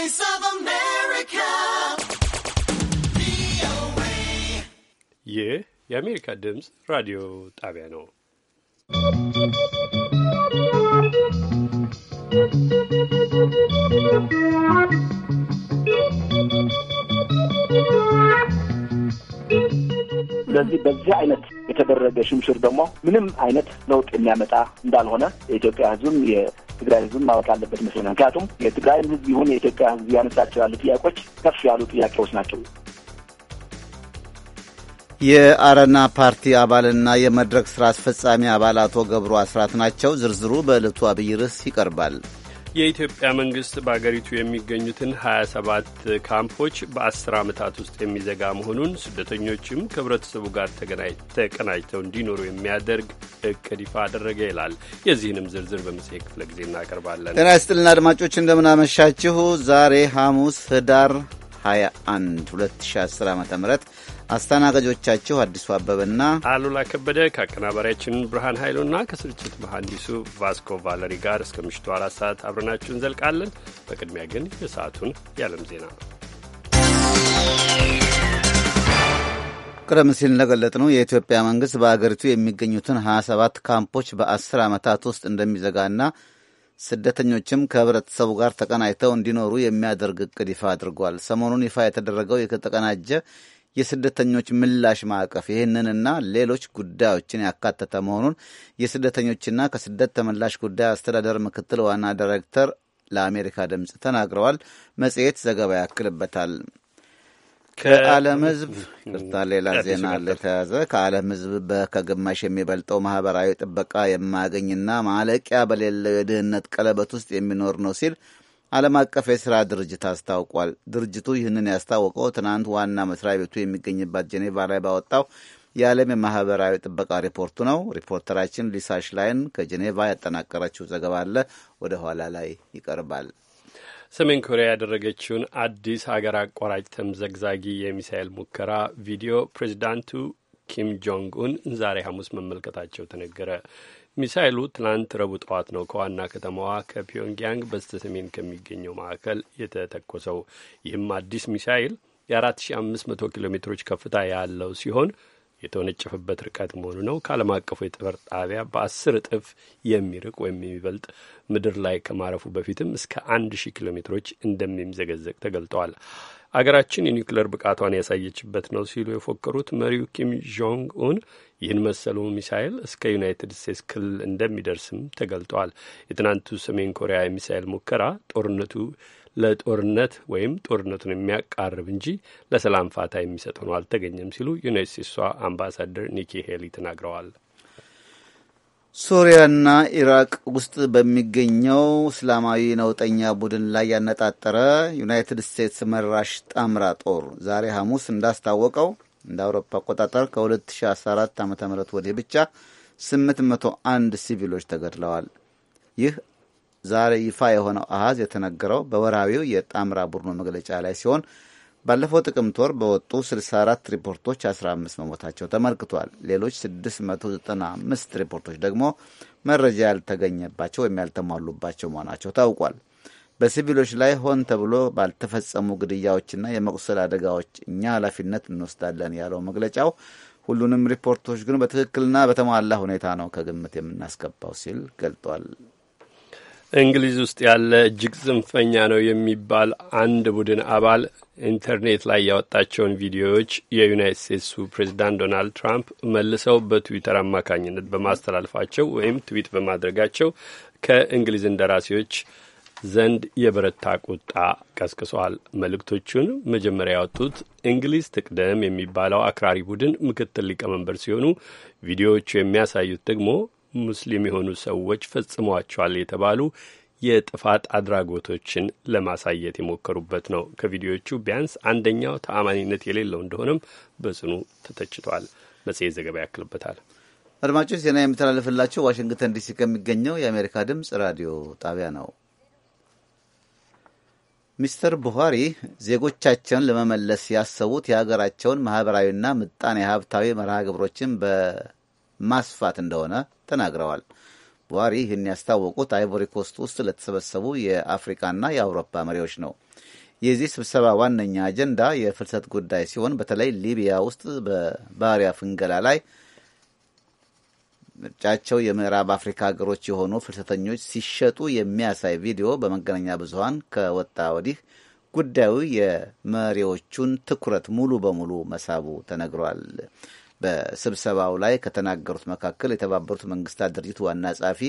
Voice of America. ይህ የአሜሪካ ድምፅ ራዲዮ ጣቢያ ነው። ስለዚህ በዚህ አይነት የተደረገ ሽምሽር ደግሞ ምንም አይነት ለውጥ የሚያመጣ እንዳልሆነ የኢትዮጵያ ሕዝብም ትግራይ ህዝብ ማወቅ አለበት ይመስለናል። ምክንያቱም የትግራይ ህዝብ ይሁን የኢትዮጵያ ህዝብ ያነሳቸው ያሉ ጥያቄዎች ከፍ ያሉ ጥያቄዎች ናቸው። የአረና ፓርቲ አባልና የመድረክ ስራ አስፈጻሚ አባል አቶ ገብሩ አስራት ናቸው። ዝርዝሩ በዕለቱ አብይ ርዕስ ይቀርባል። የኢትዮጵያ መንግስት በአገሪቱ የሚገኙትን 27 ካምፖች በ10 ዓመታት ውስጥ የሚዘጋ መሆኑን ስደተኞችም ከህብረተሰቡ ጋር ተቀናጅተው እንዲኖሩ የሚያደርግ እቅድ ይፋ አደረገ ይላል። የዚህንም ዝርዝር በመጽሔት ክፍለ ጊዜ እናቀርባለን። ጤና ይስጥልና አድማጮች እንደምናመሻችሁ። ዛሬ ሐሙስ ህዳር 21 2010 ዓ ም አስተናጋጆቻችሁ አዲሱ አበበና አሉላ ከበደ ከአቀናባሪያችን ብርሃን ኃይሉና ከስርጭት መሐንዲሱ ቫስኮ ቫለሪ ጋር እስከ ምሽቱ አራት ሰዓት አብረናችሁ እንዘልቃለን። በቅድሚያ ግን የሰዓቱን የዓለም ዜና ቀደም ሲል እንደገለጽነው የኢትዮጵያ መንግሥት በአገሪቱ የሚገኙትን 27 ካምፖች በ10 ዓመታት ውስጥ እንደሚዘጋና ስደተኞችም ከህብረተሰቡ ጋር ተቀናጅተው እንዲኖሩ የሚያደርግ እቅድ ይፋ አድርጓል። ሰሞኑን ይፋ የተደረገው የተቀናጀ የስደተኞች ምላሽ ማዕቀፍ ይህንንና ሌሎች ጉዳዮችን ያካተተ መሆኑን የስደተኞችና ከስደት ተመላሽ ጉዳይ አስተዳደር ምክትል ዋና ዳይሬክተር ለአሜሪካ ድምፅ ተናግረዋል። መጽሔት ዘገባ ያክልበታል። ከዓለም ሕዝብ ቅርታ ሌላ ዜና ለተያዘ ከዓለም ሕዝብ ከግማሽ የሚበልጠው ማህበራዊ ጥበቃ የማያገኝና ማለቂያ በሌለው የድህነት ቀለበት ውስጥ የሚኖር ነው ሲል ዓለም አቀፍ የሥራ ድርጅት አስታውቋል። ድርጅቱ ይህንን ያስታወቀው ትናንት ዋና መስሪያ ቤቱ የሚገኝባት ጄኔቫ ላይ ባወጣው የዓለም የማህበራዊ ጥበቃ ሪፖርቱ ነው። ሪፖርተራችን ሊሳሽ ላይን ከጄኔቫ ያጠናቀረችው ዘገባ አለ፣ ወደ ኋላ ላይ ይቀርባል። ሰሜን ኮሪያ ያደረገችውን አዲስ ሀገር አቋራጭ ተምዘግዛጊ የሚሳኤል ሙከራ ቪዲዮ ፕሬዚዳንቱ ኪም ጆንግ ኡን ዛሬ ሐሙስ መመልከታቸው ተነገረ። ሚሳይሉ ትናንት ረቡዕ ጠዋት ነው ከዋና ከተማዋ ከፒዮንግያንግ በስተ ሰሜን ከሚገኘው ማዕከል የተተኮሰው። ይህም አዲስ ሚሳይል የ4500 ኪሎ ሜትሮች ከፍታ ያለው ሲሆን የተወነጨፈበት ርቀት መሆኑ ነው። ከዓለም አቀፉ የጠፈር ጣቢያ በአስር እጥፍ የሚርቅ ወይም የሚበልጥ ምድር ላይ ከማረፉ በፊትም እስከ አንድ ሺህ ኪሎ ሜትሮች እንደሚምዘገዘቅ ተገልጠዋል። አገራችን የኒውክሌር ብቃቷን ያሳየችበት ነው ሲሉ የፎከሩት መሪው ኪም ጆንግ ኡን ይህን መሰሉ ሚሳይል እስከ ዩናይትድ ስቴትስ ክልል እንደሚደርስም ተገልጧል። የትናንቱ ሰሜን ኮሪያ የሚሳይል ሙከራ ጦርነቱ ለጦርነት ወይም ጦርነቱን የሚያቃርብ እንጂ ለሰላም ፋታ የሚሰጥ ሆኖ አልተገኘም ሲሉ ዩናይት ስቴትሷ አምባሳደር ኒኪ ሄሊ ተናግረዋል። ሶሪያና ኢራቅ ውስጥ በሚገኘው እስላማዊ ነውጠኛ ቡድን ላይ ያነጣጠረ ዩናይትድ ስቴትስ መራሽ ጣምራ ጦር ዛሬ ሐሙስ እንዳስታወቀው እንደ አውሮፓ አቆጣጠር ከ2014 ዓ ም ወዲህ ብቻ 801 ሲቪሎች ተገድለዋል። ይህ ዛሬ ይፋ የሆነው አሃዝ የተነገረው በወርሃዊው የጣምራ ቡድኑ መግለጫ ላይ ሲሆን ባለፈው ጥቅምት ወር በወጡ 64 ሪፖርቶች 15 መሞታቸው ተመልክቷል። ሌሎች 695 ሪፖርቶች ደግሞ መረጃ ያልተገኘባቸው ወይም ያልተሟሉባቸው መሆናቸው ታውቋል። በሲቪሎች ላይ ሆን ተብሎ ባልተፈጸሙ ግድያዎችና የመቁሰል አደጋዎች እኛ ኃላፊነት እንወስዳለን ያለው መግለጫው ሁሉንም ሪፖርቶች ግን በትክክልና በተሟላ ሁኔታ ነው ከግምት የምናስገባው ሲል ገልጧል። እንግሊዝ ውስጥ ያለ እጅግ ጽንፈኛ ነው የሚባል አንድ ቡድን አባል ኢንተርኔት ላይ ያወጣቸውን ቪዲዮዎች የዩናይት ስቴትሱ ፕሬዚዳንት ዶናልድ ትራምፕ መልሰው በትዊተር አማካኝነት በማስተላለፋቸው ወይም ትዊት በማድረጋቸው ከእንግሊዝ እንደራሴዎች ዘንድ የበረታ ቁጣ ቀስቅሷል። መልእክቶቹን መጀመሪያ ያወጡት እንግሊዝ ትቅደም የሚባለው አክራሪ ቡድን ምክትል ሊቀመንበር ሲሆኑ ቪዲዮዎቹ የሚያሳዩት ደግሞ ሙስሊም የሆኑ ሰዎች ፈጽሟቸዋል የተባሉ የጥፋት አድራጎቶችን ለማሳየት የሞከሩበት ነው። ከቪዲዮዎቹ ቢያንስ አንደኛው ተአማኒነት የሌለው እንደሆነም በጽኑ ተተችቷል። መጽሔት ዘገባ ያክልበታል። አድማጮች ዜና የሚተላለፍላቸው ዋሽንግተን ዲሲ ከሚገኘው የአሜሪካ ድምፅ ራዲዮ ጣቢያ ነው። ሚስተር ቡኻሪ ዜጎቻቸውን ለመመለስ ያሰቡት የሀገራቸውን ማህበራዊና ምጣኔ ሀብታዊ መርሃ ግብሮችን በማስፋት እንደሆነ ተናግረዋል። ቡሃሪ ይህን ያስታወቁት አይቮሪ ኮስት ውስጥ ለተሰበሰቡ የአፍሪካና የአውሮፓ መሪዎች ነው። የዚህ ስብሰባ ዋነኛ አጀንዳ የፍልሰት ጉዳይ ሲሆን በተለይ ሊቢያ ውስጥ በባህሪያ ፍንገላ ላይ ምርጫቸው የምዕራብ አፍሪካ ሀገሮች የሆኑ ፍልሰተኞች ሲሸጡ የሚያሳይ ቪዲዮ በመገናኛ ብዙኃን ከወጣ ወዲህ ጉዳዩ የመሪዎቹን ትኩረት ሙሉ በሙሉ መሳቡ ተነግሯል። በስብሰባው ላይ ከተናገሩት መካከል የተባበሩት መንግስታት ድርጅት ዋና ጸሐፊ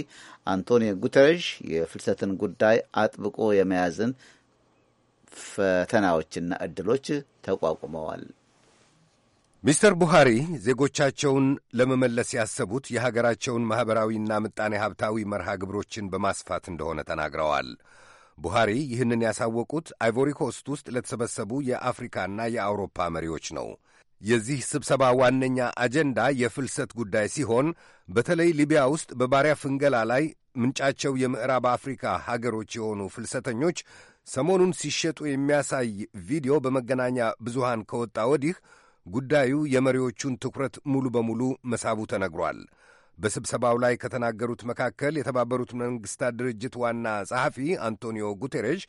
አንቶኒዮ ጉተረሽ የፍልሰትን ጉዳይ አጥብቆ የመያዝን ፈተናዎችና እድሎች ተቋቁመዋል። ሚስተር ቡሃሪ ዜጎቻቸውን ለመመለስ ያሰቡት የሀገራቸውን ማኅበራዊና ምጣኔ ሀብታዊ መርሃ ግብሮችን በማስፋት እንደሆነ ተናግረዋል። ቡሃሪ ይህንን ያሳወቁት አይቮሪኮስት ኮስት ውስጥ ለተሰበሰቡ የአፍሪካና የአውሮፓ መሪዎች ነው። የዚህ ስብሰባ ዋነኛ አጀንዳ የፍልሰት ጉዳይ ሲሆን በተለይ ሊቢያ ውስጥ በባሪያ ፍንገላ ላይ ምንጫቸው የምዕራብ አፍሪካ ሀገሮች የሆኑ ፍልሰተኞች ሰሞኑን ሲሸጡ የሚያሳይ ቪዲዮ በመገናኛ ብዙሃን ከወጣ ወዲህ ጉዳዩ የመሪዎቹን ትኩረት ሙሉ በሙሉ መሳቡ ተነግሯል። በስብሰባው ላይ ከተናገሩት መካከል የተባበሩት መንግሥታት ድርጅት ዋና ጸሐፊ አንቶኒዮ ጉቴሬዥ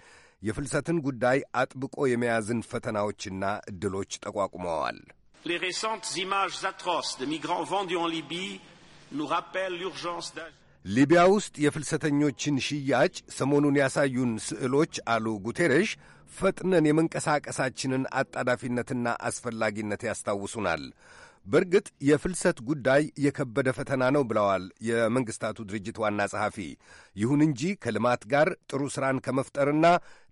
የፍልሰትን ጉዳይ አጥብቆ የመያዝን ፈተናዎችና ዕድሎች ጠቋቁመዋል። Les récentes images atroces de migrants vendus en Libye nous rappellent l'urgence d'agir. ሊቢያ ውስጥ የፍልሰተኞችን ሽያጭ ሰሞኑን ያሳዩን ስዕሎች፣ አሉ ጉቴሬሽ፣ ፈጥነን የመንቀሳቀሳችንን አጣዳፊነትና አስፈላጊነት ያስታውሱናል። በእርግጥ የፍልሰት ጉዳይ የከበደ ፈተና ነው ብለዋል የመንግሥታቱ ድርጅት ዋና ጸሐፊ። ይሁን እንጂ ከልማት ጋር ጥሩ ሥራን ከመፍጠርና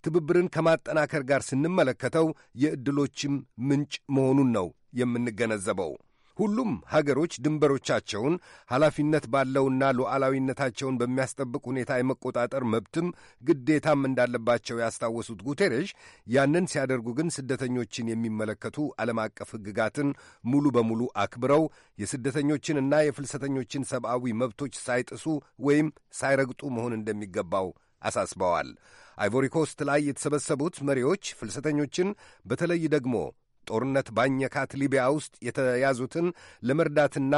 ትብብርን ከማጠናከር ጋር ስንመለከተው የዕድሎችም ምንጭ መሆኑን ነው የምንገነዘበው። ሁሉም ሀገሮች ድንበሮቻቸውን ኃላፊነት ባለውና ሉዓላዊነታቸውን በሚያስጠብቅ ሁኔታ የመቆጣጠር መብትም ግዴታም እንዳለባቸው ያስታወሱት ጉቴሬሽ ያንን ሲያደርጉ ግን ስደተኞችን የሚመለከቱ ዓለም አቀፍ ሕግጋትን ሙሉ በሙሉ አክብረው የስደተኞችንና የፍልሰተኞችን ሰብአዊ መብቶች ሳይጥሱ ወይም ሳይረግጡ መሆን እንደሚገባው አሳስበዋል። አይቮሪኮስት ላይ የተሰበሰቡት መሪዎች ፍልሰተኞችን በተለይ ደግሞ ጦርነት ባኘካት ሊቢያ ውስጥ የተያዙትን ለመርዳትና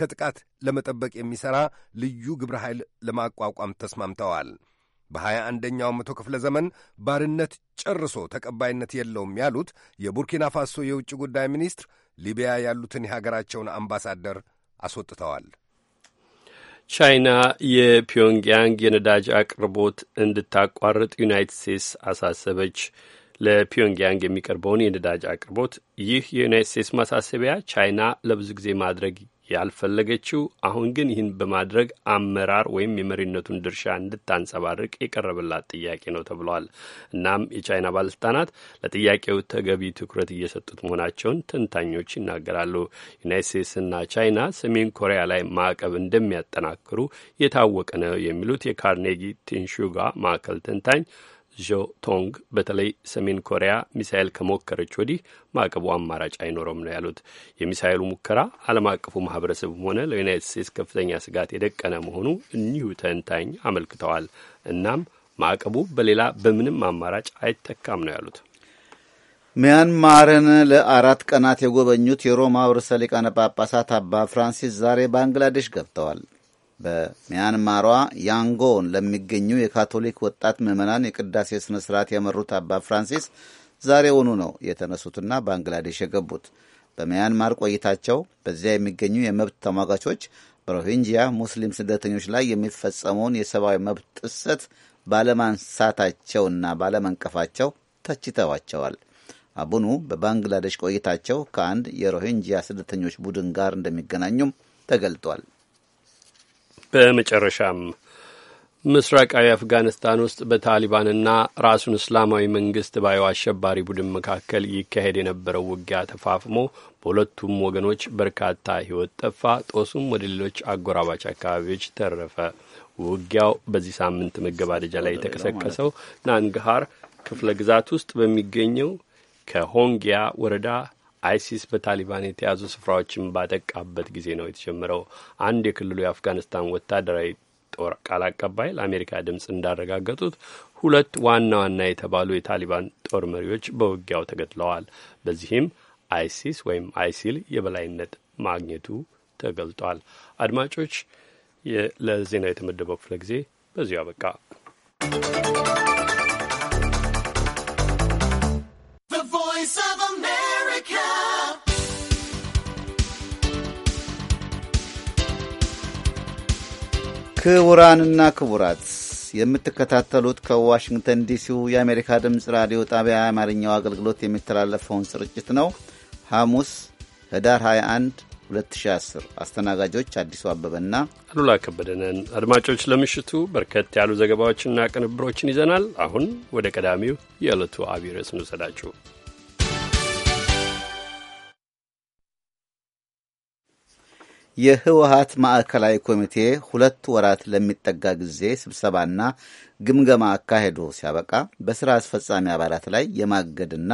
ከጥቃት ለመጠበቅ የሚሠራ ልዩ ግብረ ኃይል ለማቋቋም ተስማምተዋል። በሀያ አንደኛው መቶ ክፍለ ዘመን ባርነት ጨርሶ ተቀባይነት የለውም ያሉት የቡርኪና ፋሶ የውጭ ጉዳይ ሚኒስትር ሊቢያ ያሉትን የሀገራቸውን አምባሳደር አስወጥተዋል። ቻይና የፒዮንግያንግ የነዳጅ አቅርቦት እንድታቋርጥ ዩናይትድ ስቴትስ አሳሰበች። ለፒዮንግያንግ የሚቀርበውን የነዳጅ አቅርቦት ይህ የዩናይት ስቴትስ ማሳሰቢያ ቻይና ለብዙ ጊዜ ማድረግ ያልፈለገችው አሁን ግን ይህን በማድረግ አመራር ወይም የመሪነቱን ድርሻ እንድታንጸባርቅ የቀረበላት ጥያቄ ነው ተብሏል። እናም የቻይና ባለስልጣናት ለጥያቄው ተገቢ ትኩረት እየሰጡት መሆናቸውን ተንታኞች ይናገራሉ። ዩናይት ስቴትስና ቻይና ሰሜን ኮሪያ ላይ ማዕቀብ እንደሚያጠናክሩ የታወቀ ነው የሚሉት የካርኔጊ ቲንሹጋ ማዕከል ተንታኝ ዦ ቶንግ በተለይ ሰሜን ኮሪያ ሚሳኤል ከሞከረች ወዲህ ማዕቀቡ አማራጭ አይኖረም ነው ያሉት። የሚሳኤሉ ሙከራ ዓለም አቀፉ ማህበረሰብም ሆነ ለዩናይትድ ስቴትስ ከፍተኛ ስጋት የደቀነ መሆኑ እኒሁ ተንታኝ አመልክተዋል። እናም ማዕቀቡ በሌላ በምንም አማራጭ አይተካም ነው ያሉት። ሚያንማርን ለአራት ቀናት የጎበኙት የሮማ ርዕሰ ሊቃነ ጳጳሳት አባ ፍራንሲስ ዛሬ ባንግላዴሽ ገብተዋል። በሚያንማሯ ያንጎን ለሚገኙ የካቶሊክ ወጣት ምዕመናን የቅዳሴ ስነ ስርዓት የመሩት አባ ፍራንሲስ ዛሬውኑ ነው የተነሱትና ባንግላዴሽ የገቡት። በሚያንማር ቆይታቸው በዚያ የሚገኙ የመብት ተሟጋቾች በሮሂንጂያ ሙስሊም ስደተኞች ላይ የሚፈጸመውን የሰብአዊ መብት ጥሰት ባለማንሳታቸውና ባለመንቀፋቸው ተችተዋቸዋል። አቡኑ በባንግላዴሽ ቆይታቸው ከአንድ የሮሂንጂያ ስደተኞች ቡድን ጋር እንደሚገናኙም ተገልጧል። በመጨረሻም ምስራቃዊ አፍጋኒስታን ውስጥ በታሊባንና ራሱን እስላማዊ መንግስት ባዩ አሸባሪ ቡድን መካከል ይካሄድ የነበረው ውጊያ ተፋፍሞ በሁለቱም ወገኖች በርካታ ሕይወት ጠፋ፣ ጦሱም ወደ ሌሎች አጎራባች አካባቢዎች ተረፈ። ውጊያው በዚህ ሳምንት መገባደጃ ላይ የተቀሰቀሰው ናንግሃር ክፍለ ግዛት ውስጥ በሚገኘው ከሆንጊያ ወረዳ አይሲስ በታሊባን የተያዙ ስፍራዎችን ባጠቃበት ጊዜ ነው የተጀመረው። አንድ የክልሉ የአፍጋኒስታን ወታደራዊ ጦር ቃል አቀባይ ለአሜሪካ ድምፅ እንዳረጋገጡት ሁለት ዋና ዋና የተባሉ የታሊባን ጦር መሪዎች በውጊያው ተገድለዋል። በዚህም አይሲስ ወይም አይሲል የበላይነት ማግኘቱ ተገልጧል። አድማጮች፣ ለዜናው የተመደበው ክፍለ ጊዜ በዚሁ አበቃ። ክቡራንና ክቡራት የምትከታተሉት ከዋሽንግተን ዲሲው የአሜሪካ ድምፅ ራዲዮ ጣቢያ የአማርኛው አገልግሎት የሚተላለፈውን ስርጭት ነው። ሐሙስ ህዳር 21 2010 አስተናጋጆች አዲሱ አበበና አሉላ ከበደነን። አድማጮች ለምሽቱ በርከት ያሉ ዘገባዎችና ቅንብሮችን ይዘናል። አሁን ወደ ቀዳሚው የዕለቱ አብይ ርዕስ እንውሰዳችሁ። የህወሀት ማዕከላዊ ኮሚቴ ሁለት ወራት ለሚጠጋ ጊዜ ስብሰባና ግምገማ አካሄዶ ሲያበቃ በስራ አስፈጻሚ አባላት ላይ የማገድና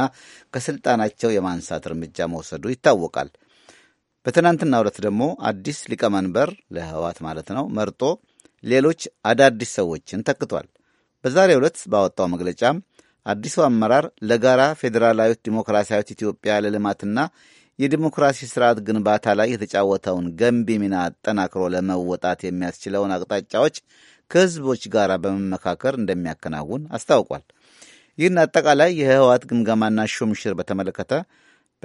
ከስልጣናቸው የማንሳት እርምጃ መውሰዱ ይታወቃል። በትናንትና ዕለት ደግሞ አዲስ ሊቀመንበር ለህወሀት ማለት ነው መርጦ ሌሎች አዳዲስ ሰዎችን ተክቷል። በዛሬ ዕለት ባወጣው መግለጫም አዲሱ አመራር ለጋራ ፌዴራላዊት ዲሞክራሲያዊት ኢትዮጵያ ለልማትና የዲሞክራሲ ስርዓት ግንባታ ላይ የተጫወተውን ገንቢ ሚና አጠናክሮ ለመወጣት የሚያስችለውን አቅጣጫዎች ከህዝቦች ጋር በመመካከር እንደሚያከናውን አስታውቋል። ይህን አጠቃላይ የህወሓት ግምገማና ሹምሽር በተመለከተ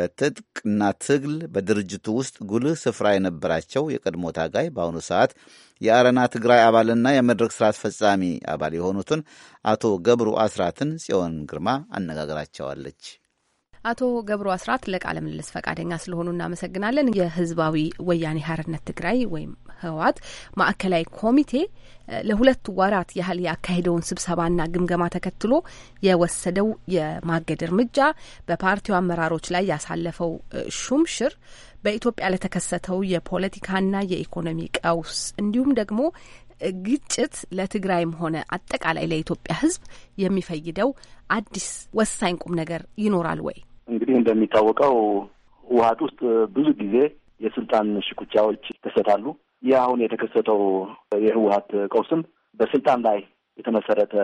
በትጥቅና ትግል በድርጅቱ ውስጥ ጉልህ ስፍራ የነበራቸው የቀድሞ ታጋይ በአሁኑ ሰዓት የአረና ትግራይ አባልና የመድረክ ስራ አስፈጻሚ አባል የሆኑትን አቶ ገብሩ አስራትን ጽዮን ግርማ አነጋግራቸዋለች። አቶ ገብሩ አስራት ለቃለ ምልልስ ፈቃደኛ ስለሆኑ እናመሰግናለን። የህዝባዊ ወያኔ ሀርነት ትግራይ ወይም ህወሓት ማዕከላዊ ኮሚቴ ለሁለት ወራት ያህል ያካሄደውን ስብሰባና ግምገማ ተከትሎ የወሰደው የማገድ እርምጃ፣ በፓርቲው አመራሮች ላይ ያሳለፈው ሹምሽር፣ በኢትዮጵያ ለተከሰተው የፖለቲካና የኢኮኖሚ ቀውስ እንዲሁም ደግሞ ግጭት ለትግራይም ሆነ አጠቃላይ ለኢትዮጵያ ህዝብ የሚፈይደው አዲስ ወሳኝ ቁም ነገር ይኖራል ወይ? እንግዲህ እንደሚታወቀው ህወሀት ውስጥ ብዙ ጊዜ የስልጣን ሽኩቻዎች ይከሰታሉ። ይህ አሁን የተከሰተው የህወሀት ቀውስም በስልጣን ላይ የተመሰረተ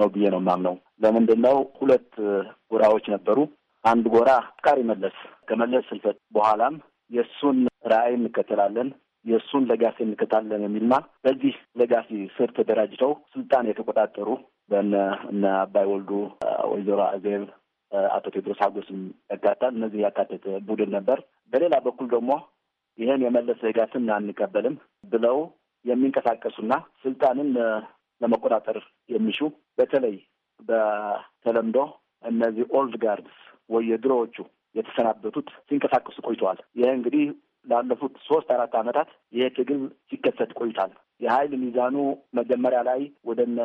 ነው ብዬ ነው የማምነው። ለምንድን ነው ሁለት ጎራዎች ነበሩ። አንድ ጎራ አፍቃሪ መለስ ከመለስ ስልፈት በኋላም የእሱን ራዕይ እንከተላለን የእሱን ለጋሴ እንከታለን የሚልና በዚህ ለጋሲ ስር ተደራጅተው ስልጣን የተቆጣጠሩ በነ እነ አባይ ወልዱ፣ ወይዘሮ አዜብ አቶ ቴድሮስ ሀጎስም ያካታል። እነዚህ ያካተተ ቡድን ነበር። በሌላ በኩል ደግሞ ይህን የመለስ ህጋትን አንቀበልም ብለው የሚንቀሳቀሱና ስልጣንን ለመቆጣጠር የሚሹ በተለይ በተለምዶ እነዚህ ኦልድ ጋርድስ ወይ የድሮዎቹ የተሰናበቱት ሲንቀሳቀሱ ቆይተዋል። ይህ እንግዲህ ላለፉት ሶስት አራት ዓመታት ይሄ ትግል ሲከሰት ቆይቷል። የሀይል ሚዛኑ መጀመሪያ ላይ ወደነ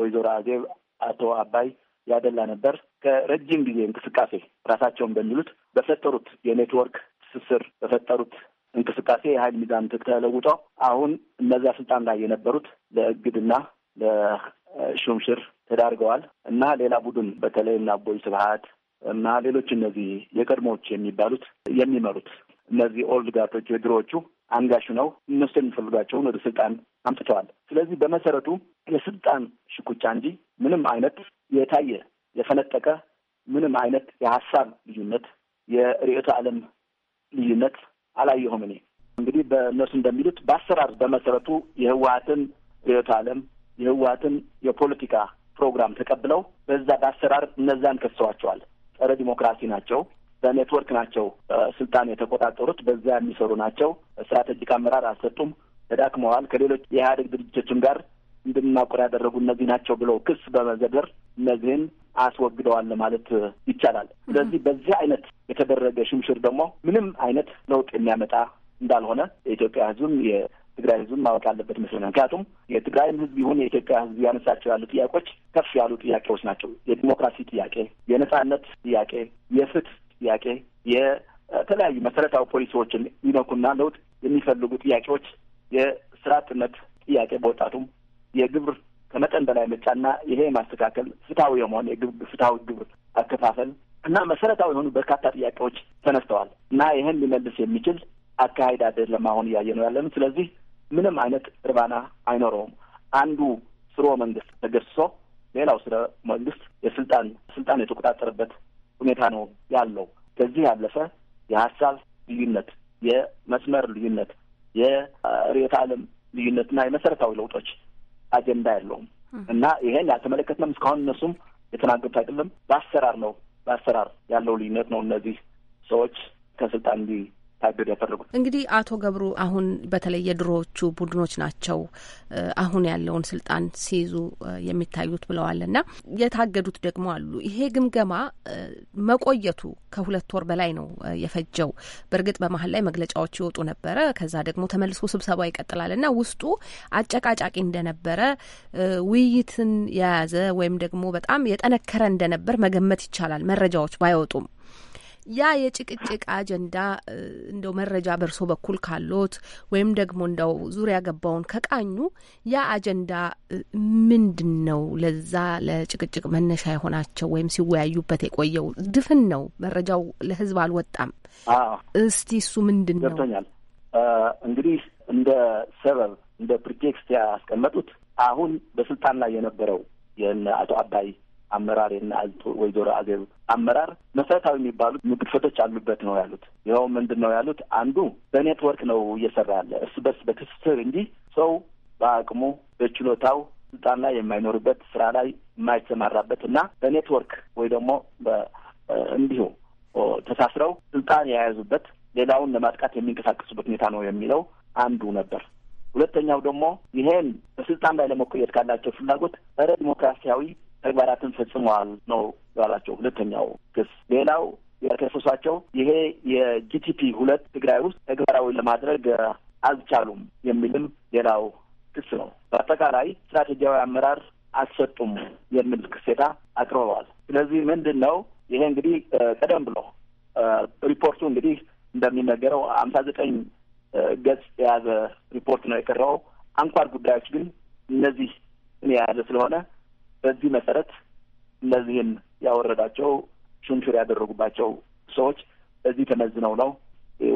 ወይዘሮ አዜብ አቶ አባይ ያደላ ነበር። ከረጅም ጊዜ እንቅስቃሴ ራሳቸውን በሚሉት በፈጠሩት የኔትወርክ ትስስር በፈጠሩት እንቅስቃሴ የሀይል ሚዛን ተለውጦ አሁን እነዚያ ስልጣን ላይ የነበሩት ለእግድና ለሹምሽር ተዳርገዋል እና ሌላ ቡድን በተለይ እና አቦይ ስብሀት እና ሌሎች እነዚህ የቀድሞዎች የሚባሉት የሚመሩት እነዚህ ኦልድ ጋርዶች የድሮዎቹ አንጋሹ ነው። እነሱ የሚፈልጓቸውን ወደ ስልጣን አምጥተዋል። ስለዚህ በመሰረቱ የስልጣን ሽኩቻ እንጂ ምንም አይነት የታየ የፈነጠቀ ምንም አይነት የሀሳብ ልዩነት፣ የርዕዮተ ዓለም ልዩነት አላየሁም። እኔ እንግዲህ በእነሱ እንደሚሉት በአሰራር በመሰረቱ የህወሀትን ርዕዮተ ዓለም የህወሀትን የፖለቲካ ፕሮግራም ተቀብለው በዛ በአሰራር እነዛን ከሰዋቸዋል። ጸረ ዲሞክራሲ ናቸው፣ በኔትወርክ ናቸው ስልጣን የተቆጣጠሩት፣ በዛ የሚሰሩ ናቸው፣ ስትራቴጂክ አመራር አልሰጡም ተዳክመዋል፣ ከሌሎች የኢህአዴግ ድርጅቶችም ጋር እንድናቆር ያደረጉ እነዚህ ናቸው ብለው ክስ በመዘገር እነዚህን አስወግደዋል ማለት ይቻላል። ስለዚህ በዚህ አይነት የተደረገ ሽምሽር ደግሞ ምንም አይነት ለውጥ የሚያመጣ እንዳልሆነ የኢትዮጵያ ህዝብም የትግራይ ህዝብም ማወቅ ያለበት ይመስለኛል። ምክንያቱም የትግራይም ህዝብ ይሁን የኢትዮጵያ ህዝብ ያነሳቸው ያሉ ጥያቄዎች ከፍ ያሉ ጥያቄዎች ናቸው። የዲሞክራሲ ጥያቄ፣ የነጻነት ጥያቄ፣ የፍትህ ጥያቄ፣ የተለያዩ መሰረታዊ ፖሊሲዎችን ሊነኩና ለውጥ የሚፈልጉ ጥያቄዎች የስራ አጥነት ጥያቄ በወጣቱም የግብር ከመጠን በላይ መጫና ይሄ ማስተካከል ፍትሐዊ የመሆን ፍትሐዊ ግብር አከፋፈል እና መሰረታዊ የሆኑ በርካታ ጥያቄዎች ተነስተዋል እና ይህን ሊመልስ የሚችል አካሄድ አይደለም አሁን እያየ ነው ያለነው። ስለዚህ ምንም አይነት እርባና አይኖረውም። አንዱ ስርወ መንግስት ተገስሶ ሌላው ስርወ መንግስት የስልጣን ስልጣን የተቆጣጠረበት ሁኔታ ነው ያለው። ከዚህ ያለፈ የሀሳብ ልዩነት፣ የመስመር ልዩነት የርዕዮተ ዓለም ልዩነትና የመሰረታዊ ለውጦች አጀንዳ ያለውም እና ይሄን ያልተመለከትንም እስካሁን እነሱም የተናገሩት አይደለም። በአሰራር ነው በአሰራር ያለው ልዩነት ነው እነዚህ ሰዎች ከስልጣን እንዲ ታገድ ያደረጉት እንግዲህ አቶ ገብሩ አሁን በተለይ የድሮዎቹ ቡድኖች ናቸው አሁን ያለውን ስልጣን ሲይዙ የሚታዩት ብለዋል እና የታገዱት ደግሞ አሉ። ይሄ ግምገማ መቆየቱ ከሁለት ወር በላይ ነው የፈጀው። በእርግጥ በመሀል ላይ መግለጫዎች ይወጡ ነበረ። ከዛ ደግሞ ተመልሶ ስብሰባ ይቀጥላል እና ውስጡ አጨቃጫቂ እንደነበረ ውይይትን የያዘ ወይም ደግሞ በጣም የጠነከረ እንደነበር መገመት ይቻላል መረጃዎች ባይወጡም ያ የጭቅጭቅ አጀንዳ እንደው መረጃ በእርሶ በኩል ካሎት ወይም ደግሞ እንደው ዙሪያ ገባውን ከቃኙ ያ አጀንዳ ምንድን ነው? ለዛ ለጭቅጭቅ መነሻ የሆናቸው ወይም ሲወያዩበት የቆየው ድፍን ነው፣ መረጃው ለህዝብ አልወጣም። እስቲ እሱ ምንድን ነው? ገብቶኛል። እንግዲህ እንደ ሰበብ እንደ ፕሪቴክስት ያስቀመጡት አሁን በስልጣን ላይ የነበረው የነ አቶ አባይ አመራር የእነ ወይዘሮ አዜብ አመራር መሰረታዊ የሚባሉት ግድፈቶች አሉበት ነው ያሉት። ይኸው ምንድን ነው ያሉት? አንዱ በኔትወርክ ነው እየሰራ ያለ እርስ በርስ በትስስር እንጂ ሰው በአቅሙ በችሎታው ስልጣን ላይ የማይኖርበት ስራ ላይ የማይሰማራበት እና በኔትወርክ ወይ ደግሞ እንዲሁ ተሳስረው ስልጣን የያዙበት ሌላውን ለማጥቃት የሚንቀሳቀሱበት ሁኔታ ነው የሚለው አንዱ ነበር። ሁለተኛው ደግሞ ይሄን በስልጣን ላይ ለመቆየት ካላቸው ፍላጎት ረ ዲሞክራሲያዊ ተግባራትን ፈጽመዋል ነው ያላቸው። ሁለተኛው ክስ ሌላው የከሰሷቸው ይሄ የጂቲፒ ሁለት ትግራይ ውስጥ ተግባራዊ ለማድረግ አልቻሉም የሚልም ሌላው ክስ ነው። በአጠቃላይ ስትራቴጂያዊ አመራር አልሰጡም የሚል ክሴታ አቅርበዋል። ስለዚህ ምንድን ነው ይሄ እንግዲህ ቀደም ብሎ ሪፖርቱ እንግዲህ እንደሚነገረው አምሳ ዘጠኝ ገጽ የያዘ ሪፖርት ነው የቀረበው። አንኳር ጉዳዮች ግን እነዚህ የያዘ ስለሆነ በዚህ መሰረት እነዚህን ያወረዳቸው ሹምሹር ያደረጉባቸው ሰዎች በዚህ ተመዝነው ነው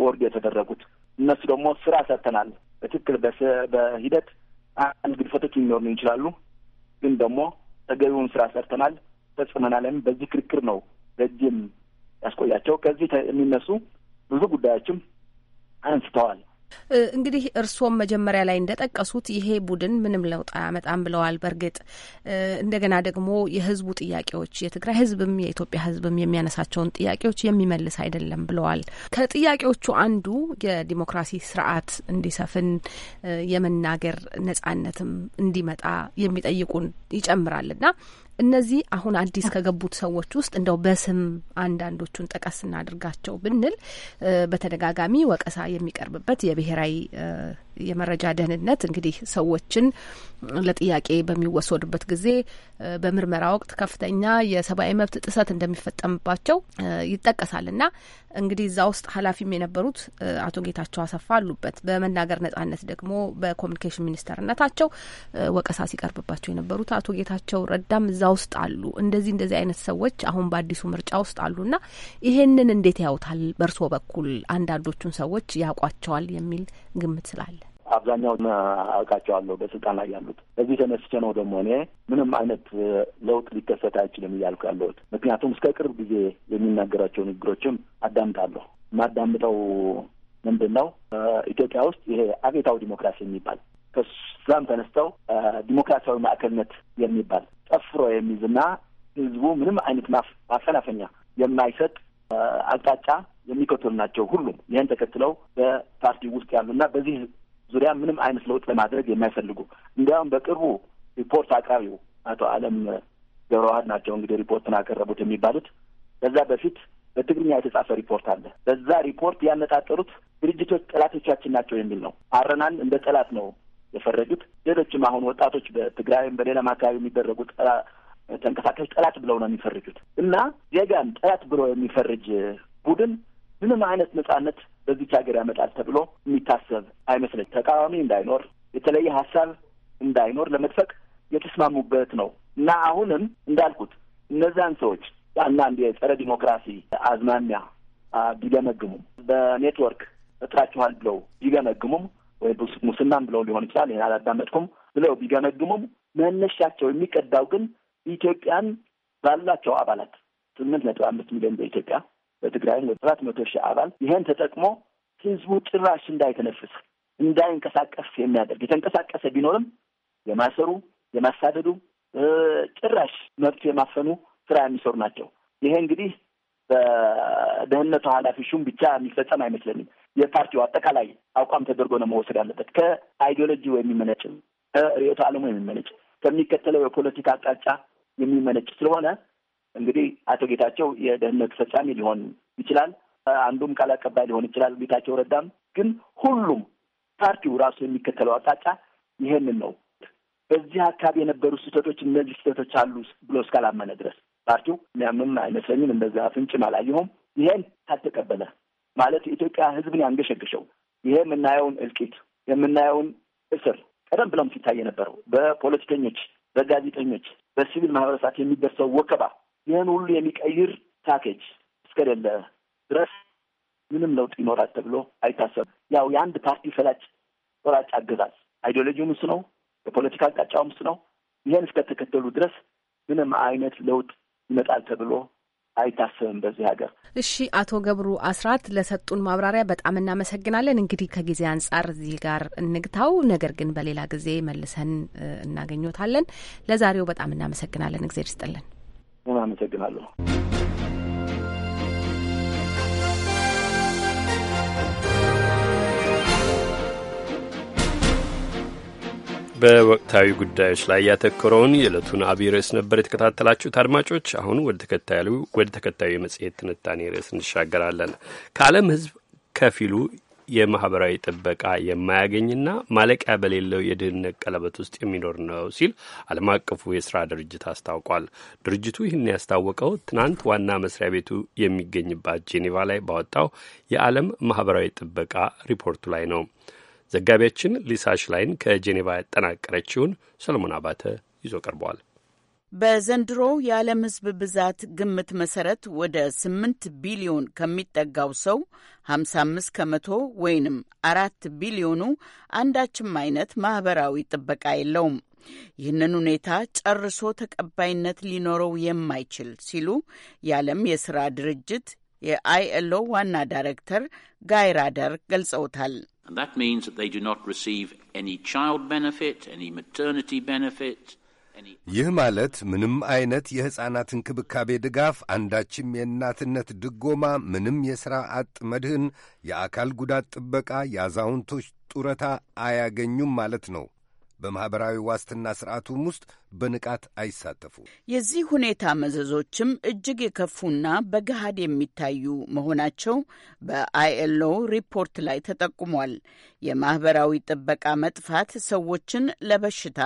ወርድ የተደረጉት። እነሱ ደግሞ ስራ ሰጥተናል። በትክክል በሂደት አንድ ግድፈቶች ሊኖሩ ይችላሉ፣ ግን ደግሞ ተገቢውን ስራ ሰርተናል ፈጽመናል። በዚህ ክርክር ነው ረጅም ያስቆያቸው። ከዚህ የሚነሱ ብዙ ጉዳዮችም አንስተዋል። እንግዲህ እርስዎም መጀመሪያ ላይ እንደጠቀሱት ይሄ ቡድን ምንም ለውጥ አያመጣም ብለዋል። በእርግጥ እንደገና ደግሞ የህዝቡ ጥያቄዎች የትግራይ ህዝብም የኢትዮጵያ ህዝብም የሚያነሳቸውን ጥያቄዎች የሚመልስ አይደለም ብለዋል። ከጥያቄዎቹ አንዱ የዲሞክራሲ ስርዓት እንዲሰፍን የመናገር ነጻነትም እንዲመጣ የሚጠይቁን ይጨምራል ና። እነዚህ አሁን አዲስ ከገቡት ሰዎች ውስጥ እንደው በስም አንዳንዶቹን ጠቀስ እናድርጋቸው ብንል በተደጋጋሚ ወቀሳ የሚቀርብበት የብሔራዊ የመረጃ ደህንነት እንግዲህ ሰዎችን ለጥያቄ በሚወሰዱበት ጊዜ በምርመራ ወቅት ከፍተኛ የሰብአዊ መብት ጥሰት እንደሚፈጠምባቸው ይጠቀሳል እና እንግዲህ እዛ ውስጥ ኃላፊም የነበሩት አቶ ጌታቸው አሰፋ አሉበት። በመናገር ነጻነት ደግሞ በኮሚኒኬሽን ሚኒስተርነታቸው ወቀሳ ሲቀርብባቸው የነበሩት አቶ ጌታቸው ረዳም እዛ ውስጥ አሉ። እንደዚህ እንደዚህ አይነት ሰዎች አሁን በአዲሱ ምርጫ ውስጥ አሉና ይሄንን እንዴት ያውታል? በእርስዎ በኩል አንዳንዶቹን ሰዎች ያውቋቸዋል የሚል ግምት ስላለ አብዛኛው አውቃቸዋለሁ በስልጣን ላይ ያሉት። በዚህ ተነስቼ ነው ደግሞ እኔ ምንም አይነት ለውጥ ሊከሰት አይችልም እያልኩ ያለሁት። ምክንያቱም እስከ ቅርብ ጊዜ የሚናገራቸው ንግግሮችም አዳምጣለሁ። የማዳምጠው ምንድን ነው ኢትዮጵያ ውስጥ ይሄ አቤታዊ ዲሞክራሲ የሚባል ከዛም ተነስተው ዲሞክራሲያዊ ማዕከልነት የሚባል ጠፍሮ የሚይዝና ህዝቡ ምንም አይነት ማፈናፈኛ የማይሰጥ አቅጣጫ የሚከተሉ ናቸው። ሁሉም ይህን ተከትለው በፓርቲ ውስጥ ያሉና በዚህ ዙሪያ ምንም አይነት ለውጥ ለማድረግ የማይፈልጉ እንዲያውም በቅርቡ ሪፖርት አቅራቢው አቶ አለም ገብረዋህድ ናቸው እንግዲህ ሪፖርትን አቀረቡት የሚባሉት ከዛ በፊት በትግርኛ የተጻፈ ሪፖርት አለ። በዛ ሪፖርት ያነጣጠሩት ድርጅቶች ጠላቶቻችን ናቸው የሚል ነው። አረናን እንደ ጠላት ነው የፈረጁት። ሌሎችም አሁን ወጣቶች በትግራይም በሌላም አካባቢ የሚደረጉ ተንቀሳቃሾች ጠላት ብለው ነው የሚፈርጁት እና ዜጋን ጠላት ብሎ የሚፈርጅ ቡድን ምንም አይነት ነጻነት በዚች ሀገር ያመጣል ተብሎ የሚታሰብ አይመስለኝ። ተቃዋሚ እንዳይኖር የተለየ ሀሳብ እንዳይኖር ለመጥፈቅ የተስማሙበት ነው እና አሁንም እንዳልኩት እነዚያን ሰዎች አንዳንድ የጸረ ዲሞክራሲ አዝማሚያ ቢገመግሙም በኔትወርክ እጥራችኋል ብለው ቢገመግሙም ወይ ሙስናም ብለው ሊሆን ይችላል ይህን አላዳመጥኩም ብለው ቢገመግሙም መነሻቸው የሚቀዳው ግን ኢትዮጵያን ባላቸው አባላት ስምንት ነጥብ አምስት ሚሊዮን በኢትዮጵያ በትግራይ ለሰባት መቶ ሺህ አባል ይህን ተጠቅሞ ህዝቡ ጭራሽ እንዳይተነፍስ እንዳይንቀሳቀስ የሚያደርግ የተንቀሳቀሰ ቢኖርም የማሰሩ የማሳደዱ ጭራሽ መብት የማፈኑ ስራ የሚሰሩ ናቸው። ይሄ እንግዲህ በደህንነቱ ኃላፊ ሹም ብቻ የሚፈጸም አይመስለኝም። የፓርቲው አጠቃላይ አቋም ተደርጎ ነው መወሰድ ያለበት። ከአይዲዮሎጂው የሚመነጭ ከርዕዮተ ዓለሙ የሚመነጭ ከሚከተለው የፖለቲካ አቅጣጫ የሚመነጭ ስለሆነ እንግዲህ አቶ ጌታቸው የደህንነት ፈጻሚ ሊሆን ይችላል። አንዱም ቃል አቀባይ ሊሆን ይችላል። ጌታቸው ረዳም ግን ሁሉም ፓርቲው ራሱ የሚከተለው አቅጣጫ ይሄንን ነው። በዚህ አካባቢ የነበሩ ስህተቶች እነዚህ ስህተቶች አሉ ብሎ እስካላመነ ድረስ ፓርቲው ምንም አይመስለኝም። እንደዛ ፍንጭም አላየሁም። ይሄን ካልተቀበለ ማለት የኢትዮጵያ ሕዝብን ያንገሸግሸው ይሄ የምናየውን እልቂት የምናየውን እስር ቀደም ብለም ሲታይ የነበረው በፖለቲከኞች፣ በጋዜጠኞች፣ በሲቪል ማህበረሰብ የሚደርሰው ወከባ ይህን ሁሉ የሚቀይር ፓኬጅ እስከሌለ ድረስ ምንም ለውጥ ይኖራል ተብሎ አይታሰብም። ያው የአንድ ፓርቲ ፈላጭ ወራጭ አገዛዝ አይዲዮሎጂውም እሱ ነው፣ የፖለቲካ አቅጣጫውም እሱ ነው። ይህን እስከተከተሉ ድረስ ምንም አይነት ለውጥ ይመጣል ተብሎ አይታሰብም በዚህ ሀገር። እሺ፣ አቶ ገብሩ አስራት ለሰጡን ማብራሪያ በጣም እናመሰግናለን። እንግዲህ ከጊዜ አንጻር እዚህ ጋር እንግታው፣ ነገር ግን በሌላ ጊዜ መልሰን እናገኘታለን። ለዛሬው በጣም እናመሰግናለን። እግዜር ይስጥልን። እኔም አመሰግናለሁ። በወቅታዊ ጉዳዮች ላይ ያተኮረውን የዕለቱን አብይ ርዕስ ነበር የተከታተላችሁት አድማጮች። አሁን ወደ ተከታዩ ወደ ተከታዩ የመጽሔት ትንታኔ ርዕስ እንሻገራለን። ከዓለም ሕዝብ ከፊሉ የማህበራዊ ጥበቃ የማያገኝና ማለቂያ በሌለው የድህነት ቀለበት ውስጥ የሚኖር ነው ሲል ዓለም አቀፉ የስራ ድርጅት አስታውቋል። ድርጅቱ ይህን ያስታወቀው ትናንት ዋና መስሪያ ቤቱ የሚገኝባት ጄኔቫ ላይ ባወጣው የዓለም ማህበራዊ ጥበቃ ሪፖርቱ ላይ ነው። ዘጋቢያችን ሊሳ ሽላይን ከጄኔቫ ያጠናቀረችውን ሰለሞን አባተ ይዞ ቀርበዋል። በዘንድሮ የዓለም ሕዝብ ብዛት ግምት መሰረት ወደ 8 ቢሊዮን ከሚጠጋው ሰው 55 ከመቶ ወይንም አራት ቢሊዮኑ አንዳችም አይነት ማኅበራዊ ጥበቃ የለውም። ይህንን ሁኔታ ጨርሶ ተቀባይነት ሊኖረው የማይችል ሲሉ የዓለም የሥራ ድርጅት የአይኤልኦ ዋና ዳይሬክተር ጋይ ራደር ገልጸውታል። that means that they do not receive any child benefit, any maternity benefit. ይህ ማለት ምንም አይነት የሕፃናት እንክብካቤ ድጋፍ፣ አንዳችም የእናትነት ድጎማ፣ ምንም የሥራ አጥ መድህን፣ የአካል ጉዳት ጥበቃ፣ የአዛውንቶች ጡረታ አያገኙም ማለት ነው። በማኅበራዊ ዋስትና ሥርዓቱም ውስጥ በንቃት አይሳተፉ። የዚህ ሁኔታ መዘዞችም እጅግ የከፉና በገሃድ የሚታዩ መሆናቸው በአይኤልኦ ሪፖርት ላይ ተጠቁሟል። የማኅበራዊ ጥበቃ መጥፋት ሰዎችን ለበሽታ፣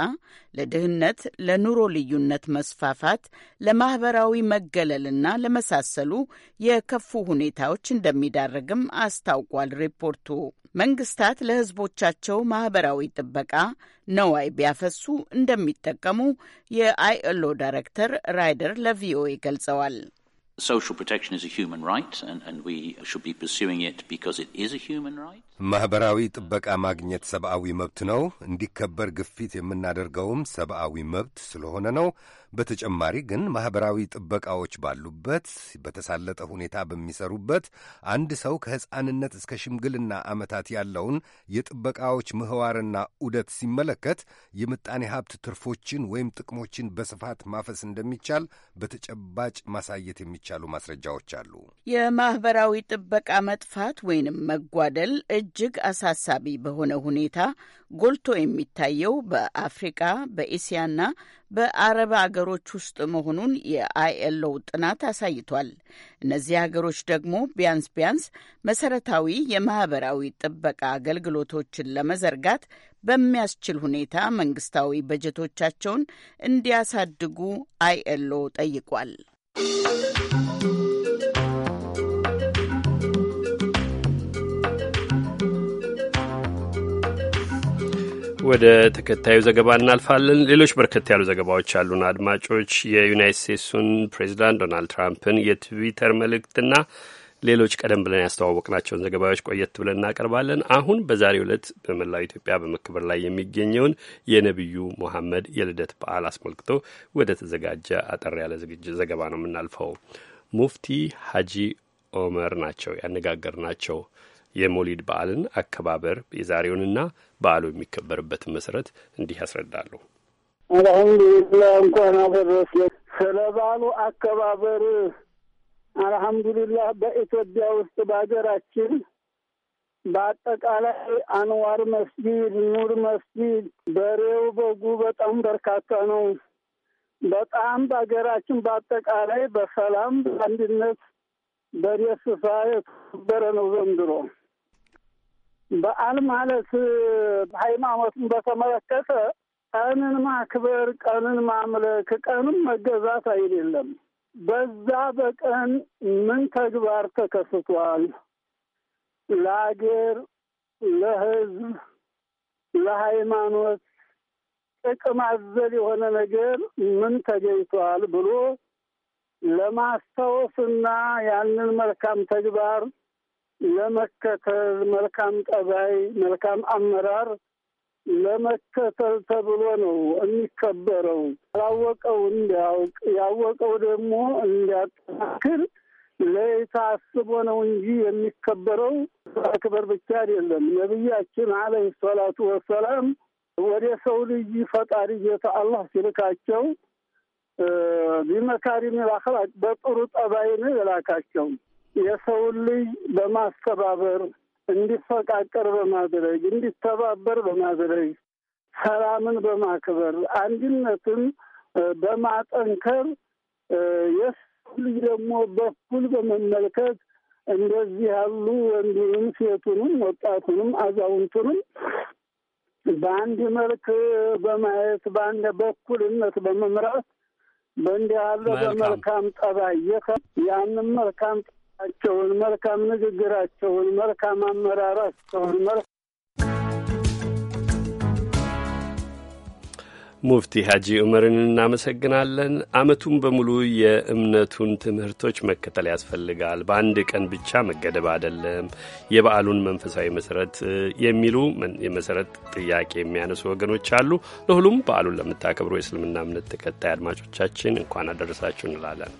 ለድህነት፣ ለኑሮ ልዩነት መስፋፋት፣ ለማኅበራዊ መገለልና ለመሳሰሉ የከፉ ሁኔታዎች እንደሚዳረግም አስታውቋል ሪፖርቱ። መንግስታት ለህዝቦቻቸው ማህበራዊ ጥበቃ ነዋይ ቢያፈሱ እንደሚጠቀሙ የአይኤልኦ ዳይሬክተር ራይደር ለቪኦኤ ገልጸዋል። ሶሻል ፕሮቴክሽን ኢዝ ኤ ሂውማን ራይት ኤንድ ሹድ ቢ ፐርሱዊንግ ኢት ቢኮዝ ኢት ኢዝ ኤ ራይት ማኅበራዊ ጥበቃ ማግኘት ሰብአዊ መብት ነው። እንዲከበር ግፊት የምናደርገውም ሰብአዊ መብት ስለሆነ ነው። በተጨማሪ ግን ማኅበራዊ ጥበቃዎች ባሉበት በተሳለጠ ሁኔታ በሚሰሩበት አንድ ሰው ከሕፃንነት እስከ ሽምግልና ዓመታት ያለውን የጥበቃዎች ምህዋርና ዑደት ሲመለከት የምጣኔ ሀብት ትርፎችን ወይም ጥቅሞችን በስፋት ማፈስ እንደሚቻል በተጨባጭ ማሳየት የሚቻሉ ማስረጃዎች አሉ። የማኅበራዊ ጥበቃ መጥፋት ወይንም መጓደል እጅግ አሳሳቢ በሆነ ሁኔታ ጎልቶ የሚታየው በአፍሪቃ በኤስያና በአረብ አገሮች ውስጥ መሆኑን የአይኤልኦው ጥናት አሳይቷል። እነዚህ ሀገሮች ደግሞ ቢያንስ ቢያንስ መሰረታዊ የማህበራዊ ጥበቃ አገልግሎቶችን ለመዘርጋት በሚያስችል ሁኔታ መንግስታዊ በጀቶቻቸውን እንዲያሳድጉ አይኤልኦ ጠይቋል። ወደ ተከታዩ ዘገባ እናልፋለን። ሌሎች በርከት ያሉ ዘገባዎች አሉን አድማጮች። የዩናይት ስቴትሱን ፕሬዚዳንት ዶናልድ ትራምፕን የትዊተር መልእክትና ሌሎች ቀደም ብለን ያስተዋወቅናቸውን ዘገባዎች ቆየት ብለን እናቀርባለን። አሁን በዛሬው ዕለት በመላው ኢትዮጵያ በመከበር ላይ የሚገኘውን የነቢዩ መሐመድ የልደት በዓል አስመልክቶ ወደ ተዘጋጀ አጠር ያለ ዝግጅት ዘገባ ነው የምናልፈው። ሙፍቲ ሀጂ ኦመር ናቸው ያነጋገርናቸው። የሞሊድ በዓልን አከባበር የዛሬውንና በዓሉ የሚከበርበትን መሰረት እንዲህ ያስረዳሉ። አልሐምዱሊላህ እንኳን አደረሰ። ስለ በዓሉ አከባበር አልሐምዱሊላህ በኢትዮጵያ ውስጥ በሀገራችን በአጠቃላይ አንዋር መስጊድ፣ ኑር መስጊድ፣ በሬው በጉ በጣም በርካታ ነው። በጣም በሀገራችን በአጠቃላይ በሰላም በአንድነት በደስታ የተከበረ ነው ዘንድሮ። በዓል ማለት ሃይማኖትን በተመለከተ ቀንን ማክበር፣ ቀንን ማምለክ፣ ቀንም መገዛት አይደለም። በዛ በቀን ምን ተግባር ተከስቷል? ለአገር፣ ለህዝብ ለሃይማኖት ጥቅም አዘል የሆነ ነገር ምን ተገኝቷል ብሎ ለማስታወስና ያንን መልካም ተግባር ለመከተል መልካም ጠባይ፣ መልካም አመራር ለመከተል ተብሎ ነው የሚከበረው። ያላወቀው እንዲያውቅ ያወቀው ደግሞ እንዲያጠናክር አስቦ ነው እንጂ የሚከበረው አክበር ብቻ አይደለም። ነቢያችን አለህ ሰላቱ ወሰላም ወደ ሰው ልጅ ፈጣሪ ጌታ አላህ ሲልካቸው ቢመካሪም ላክላቅ በጥሩ ጠባይ ነው የላካቸው። የሰውን ልጅ በማስተባበር እንዲፈቃቀር በማድረግ እንዲተባበር በማድረግ ሰላምን በማክበር አንድነትን በማጠንከር የሰው ልጅ ደግሞ በኩል በመመልከት እንደዚህ ያሉ ወንዱንም፣ ሴቱንም፣ ወጣቱንም፣ አዛውንቱንም በአንድ መልክ በማየት በአንድ በኩልነት በመምራት በእንዲህ ያለ በመልካም ጠባይ ያንም መልካም ቸውን መልካም ንግግራቸውን፣ መልካም አመራራቸውን ሙፍቲ ሀጂ ዑመርን እናመሰግናለን። አመቱን በሙሉ የእምነቱን ትምህርቶች መከተል ያስፈልጋል፣ በአንድ ቀን ብቻ መገደብ አይደለም፣ የበዓሉን መንፈሳዊ መሰረት የሚሉ የመሰረት ጥያቄ የሚያነሱ ወገኖች አሉ። ለሁሉም በዓሉን ለምታከብሩ የእስልምና እምነት ተከታይ አድማጮቻችን እንኳን አደረሳችሁ እንላለን።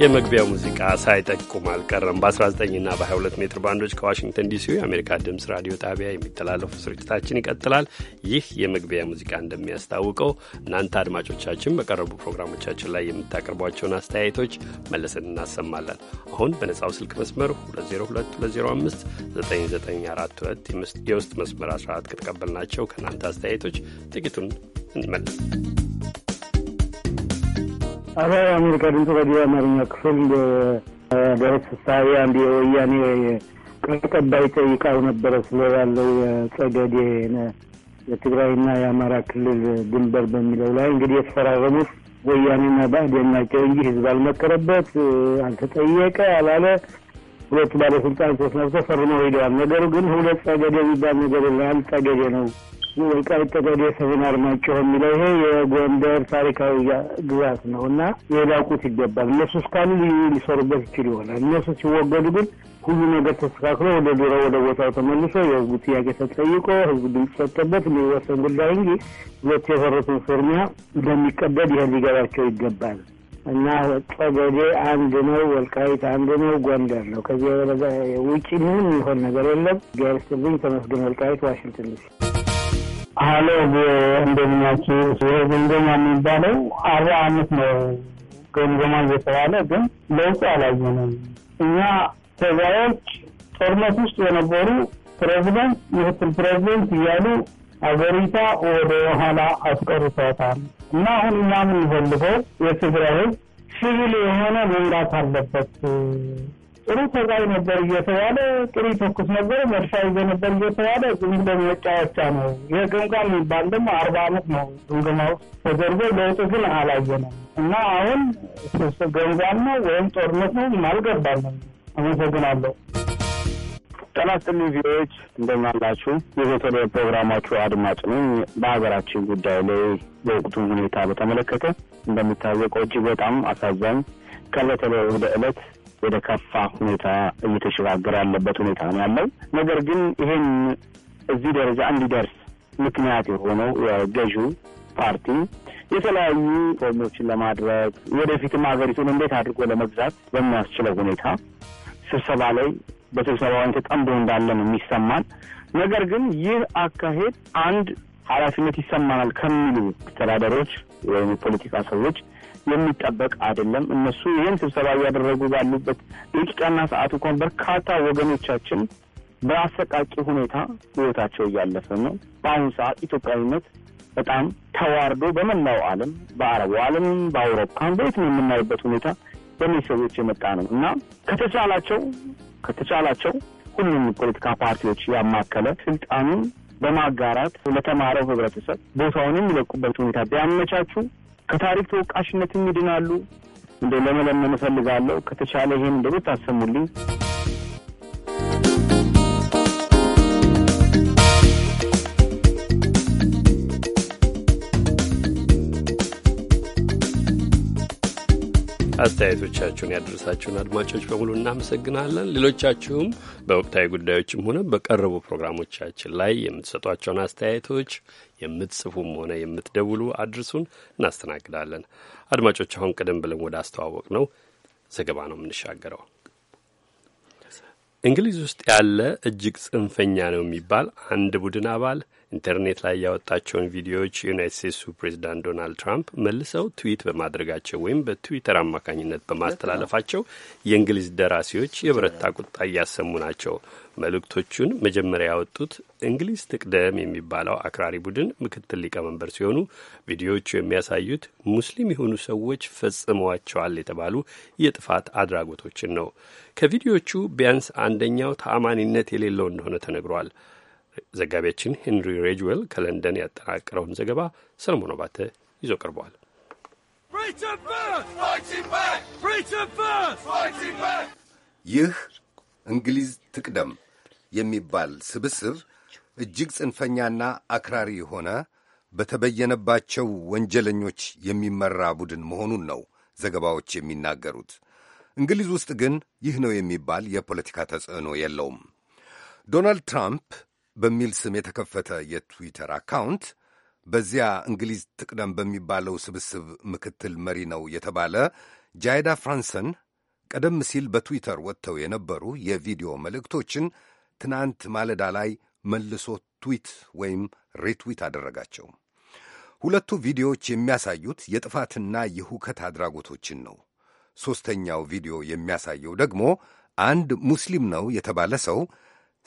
የመግቢያው ሙዚቃ ሳይጠቁም አልቀረም። በ19ና በ22 ሜትር ባንዶች ከዋሽንግተን ዲሲ የአሜሪካ ድምፅ ራዲዮ ጣቢያ የሚተላለፉ ስርጭታችን ይቀጥላል። ይህ የመግቢያ ሙዚቃ እንደሚያስታውቀው እናንተ አድማጮቻችን በቀረቡ ፕሮግራሞቻችን ላይ የምታቀርቧቸውን አስተያየቶች መለስን እናሰማለን። አሁን በነጻው ስልክ መስመር 2022059942 የውስጥ መስመር 14 ከተቀበልናቸው ከእናንተ አስተያየቶች ጥቂቱን እንመለስ። አረ የአሜሪካ ድምፅ ረዲዮ የአማርኛ ክፍል ደረስ ፍስሀዬ አንድ የወያኔ ቃል አቀባይ ጠይቃው ነበረ ስለ ያለው የጸገዴ የትግራይና የአማራ ክልል ድንበር በሚለው ላይ እንግዲህ የተፈራረሙት ወያኔና ብአዴን ናቸው እንጂ ህዝብ አልመከረበት፣ አልተጠየቀ፣ አላለ። ሁለቱ ባለስልጣን ሶስት ነፍሰ ፈርመው ሄደዋል። ነገሩ ግን ሁለት ጸገዴ የሚባል ነገር የለም። አንድ ጸገዴ ነው። ቀብጠ ደሴትን አርማጭሆ የሚለው ይሄ የጎንደር ታሪካዊ ግዛት ነው እና የላቁት ይገባል። እነሱ እስካሉ ልዩ ሊሰሩበት ይችል ይሆናል። እነሱ ሲወገዱ ግን ሁሉ ነገር ተስተካክሎ ወደ ድሮ ወደ ቦታው ተመልሶ የህዝቡ ጥያቄ ተጠይቆ ህዝቡ ድምፅ ሰጠበት የሚወሰን ጉዳይ እንጂ ሁለት የፈረሱን ፍርሚያ እንደሚቀደድ ይሄ ሊገባቸው ይገባል። እና ጠገዴ አንድ ነው፣ ወልቃይት አንድ ነው፣ ጎንደር ነው። ከዚህ ውጭ ምንም ይሆን ነገር የለም። ጊያርስትልኝ ተመስገን ወልቃይት ዋሽንግተን ዲሲ አሎ እንደምናቸው ግምገማ የሚባለው አርባ አመት ነው ግምገማ እየተባለ ግን ለውጥ አላየንም። እኛ ተጋዮች ጦርነት ውስጥ የነበሩ ፕሬዚደንት፣ ምክትል ፕሬዚደንት እያሉ አገሪቷ ወደ ኋላ አስቀርቷታል እና አሁን እኛ የምንፈልገው የትግራይ ህዝብ ሲቪል የሆነ መምራት አለበት ጥሩ ተጓይ ነበር እየተባለ ጥሩ ይተኩስ ነበር፣ መድፋ ይዘ ነበር እየተባለ ዝም መጫወቻ ነው። ይህ ግምገማ የሚባል ደግሞ አርባ አመት ነው ግምገማ ውስጥ ተደርጎ ለውጡ ግን አላየንም እና አሁን ገንዛም ነው ወይም ጦርነት ነው አልገባለም። አመሰግናለሁ። ጤና ይስጥልኝ ቪዲዮዎች እንደምን አላችሁ? የዘተለ ፕሮግራማችሁ አድማጭ ነኝ። በሀገራችን ጉዳይ ላይ በወቅቱ ሁኔታ በተመለከተ እንደሚታወቀው እጅግ በጣም አሳዛኝ ከዕለት ወደ ዕለት ወደ ከፋ ሁኔታ እየተሸጋገረ ያለበት ሁኔታ ነው ያለው። ነገር ግን ይሄን እዚህ ደረጃ እንዲደርስ ምክንያት የሆነው የገዢው ፓርቲ የተለያዩ ፎርሞችን ለማድረግ ወደፊትም ሀገሪቱን እንዴት አድርጎ ለመግዛት በሚያስችለው ሁኔታ ስብሰባ ላይ በስብሰባው ተጠምዶ እንዳለ ነው የሚሰማን። ነገር ግን ይህ አካሄድ አንድ ኃላፊነት ይሰማናል ከሚሉ አስተዳደሮች ወይም የፖለቲካ ሰዎች የሚጠበቅ አይደለም። እነሱ ይህን ስብሰባ እያደረጉ ባሉበት ደቂቃና ሰዓት እንኳን በርካታ ወገኖቻችን በአሰቃቂ ሁኔታ ህይወታቸው እያለፈ ነው። በአሁኑ ሰዓት ኢትዮጵያዊነት በጣም ተዋርዶ በመላው ዓለም በአረቡ ዓለም በአውሮፓን በየትም የምናይበት ሁኔታ በእነዚህ ሰዎች የመጣ ነው እና ከተቻላቸው ከተቻላቸው ሁሉም ፖለቲካ ፓርቲዎች ያማከለ ስልጣኑን በማጋራት ለተማረው ህብረተሰብ ቦታውን የሚለቁበት ሁኔታ ቢያመቻቹ ከታሪክ ተወቃሽነትም ይድናሉ። እንደ ለመለመን እፈልጋለሁ ከተቻለ ይህን ብሩት አሰሙልኝ። አስተያየቶቻችሁን ያደረሳችሁን አድማጮች በሙሉ እናመሰግናለን። ሌሎቻችሁም በወቅታዊ ጉዳዮችም ሆነ በቀረቡ ፕሮግራሞቻችን ላይ የምትሰጧቸውን አስተያየቶች የምትጽፉም ሆነ የምትደውሉ አድርሱን፣ እናስተናግዳለን። አድማጮች አሁን ቀደም ብለን ወደ አስተዋወቅ ነው ዘገባ ነው የምንሻገረው። እንግሊዝ ውስጥ ያለ እጅግ ጽንፈኛ ነው የሚባል አንድ ቡድን አባል ኢንተርኔት ላይ ያወጣቸውን ቪዲዮዎች የዩናይት ስቴትሱ ፕሬዚዳንት ዶናልድ ትራምፕ መልሰው ትዊት በማድረጋቸው ወይም በትዊተር አማካኝነት በማስተላለፋቸው የእንግሊዝ ደራሲዎች የብረታ ቁጣ እያሰሙ ናቸው። መልእክቶቹን መጀመሪያ ያወጡት እንግሊዝ ትቅደም የሚባለው አክራሪ ቡድን ምክትል ሊቀመንበር ሲሆኑ ቪዲዮዎቹ የሚያሳዩት ሙስሊም የሆኑ ሰዎች ፈጽመዋቸዋል የተባሉ የጥፋት አድራጎቶችን ነው። ከቪዲዮዎቹ ቢያንስ አንደኛው ተአማኒነት የሌለው እንደሆነ ተነግሯል። ዘጋቢያችን ሄንሪ ሬጅዌል ከለንደን ያጠናቀረውን ዘገባ ሰለሞን ባተ ይዞ ቀርቧል። ይህ እንግሊዝ ትቅደም የሚባል ስብስብ እጅግ ጽንፈኛና አክራሪ የሆነ በተበየነባቸው ወንጀለኞች የሚመራ ቡድን መሆኑን ነው ዘገባዎች የሚናገሩት። እንግሊዝ ውስጥ ግን ይህ ነው የሚባል የፖለቲካ ተጽዕኖ የለውም። ዶናልድ ትራምፕ በሚል ስም የተከፈተ የትዊተር አካውንት በዚያ እንግሊዝ ትቅደም በሚባለው ስብስብ ምክትል መሪ ነው የተባለ ጃይዳ ፍራንሰን ቀደም ሲል በትዊተር ወጥተው የነበሩ የቪዲዮ መልእክቶችን ትናንት ማለዳ ላይ መልሶ ትዊት ወይም ሪትዊት አደረጋቸው። ሁለቱ ቪዲዮዎች የሚያሳዩት የጥፋትና የሁከት አድራጎቶችን ነው። ሦስተኛው ቪዲዮ የሚያሳየው ደግሞ አንድ ሙስሊም ነው የተባለ ሰው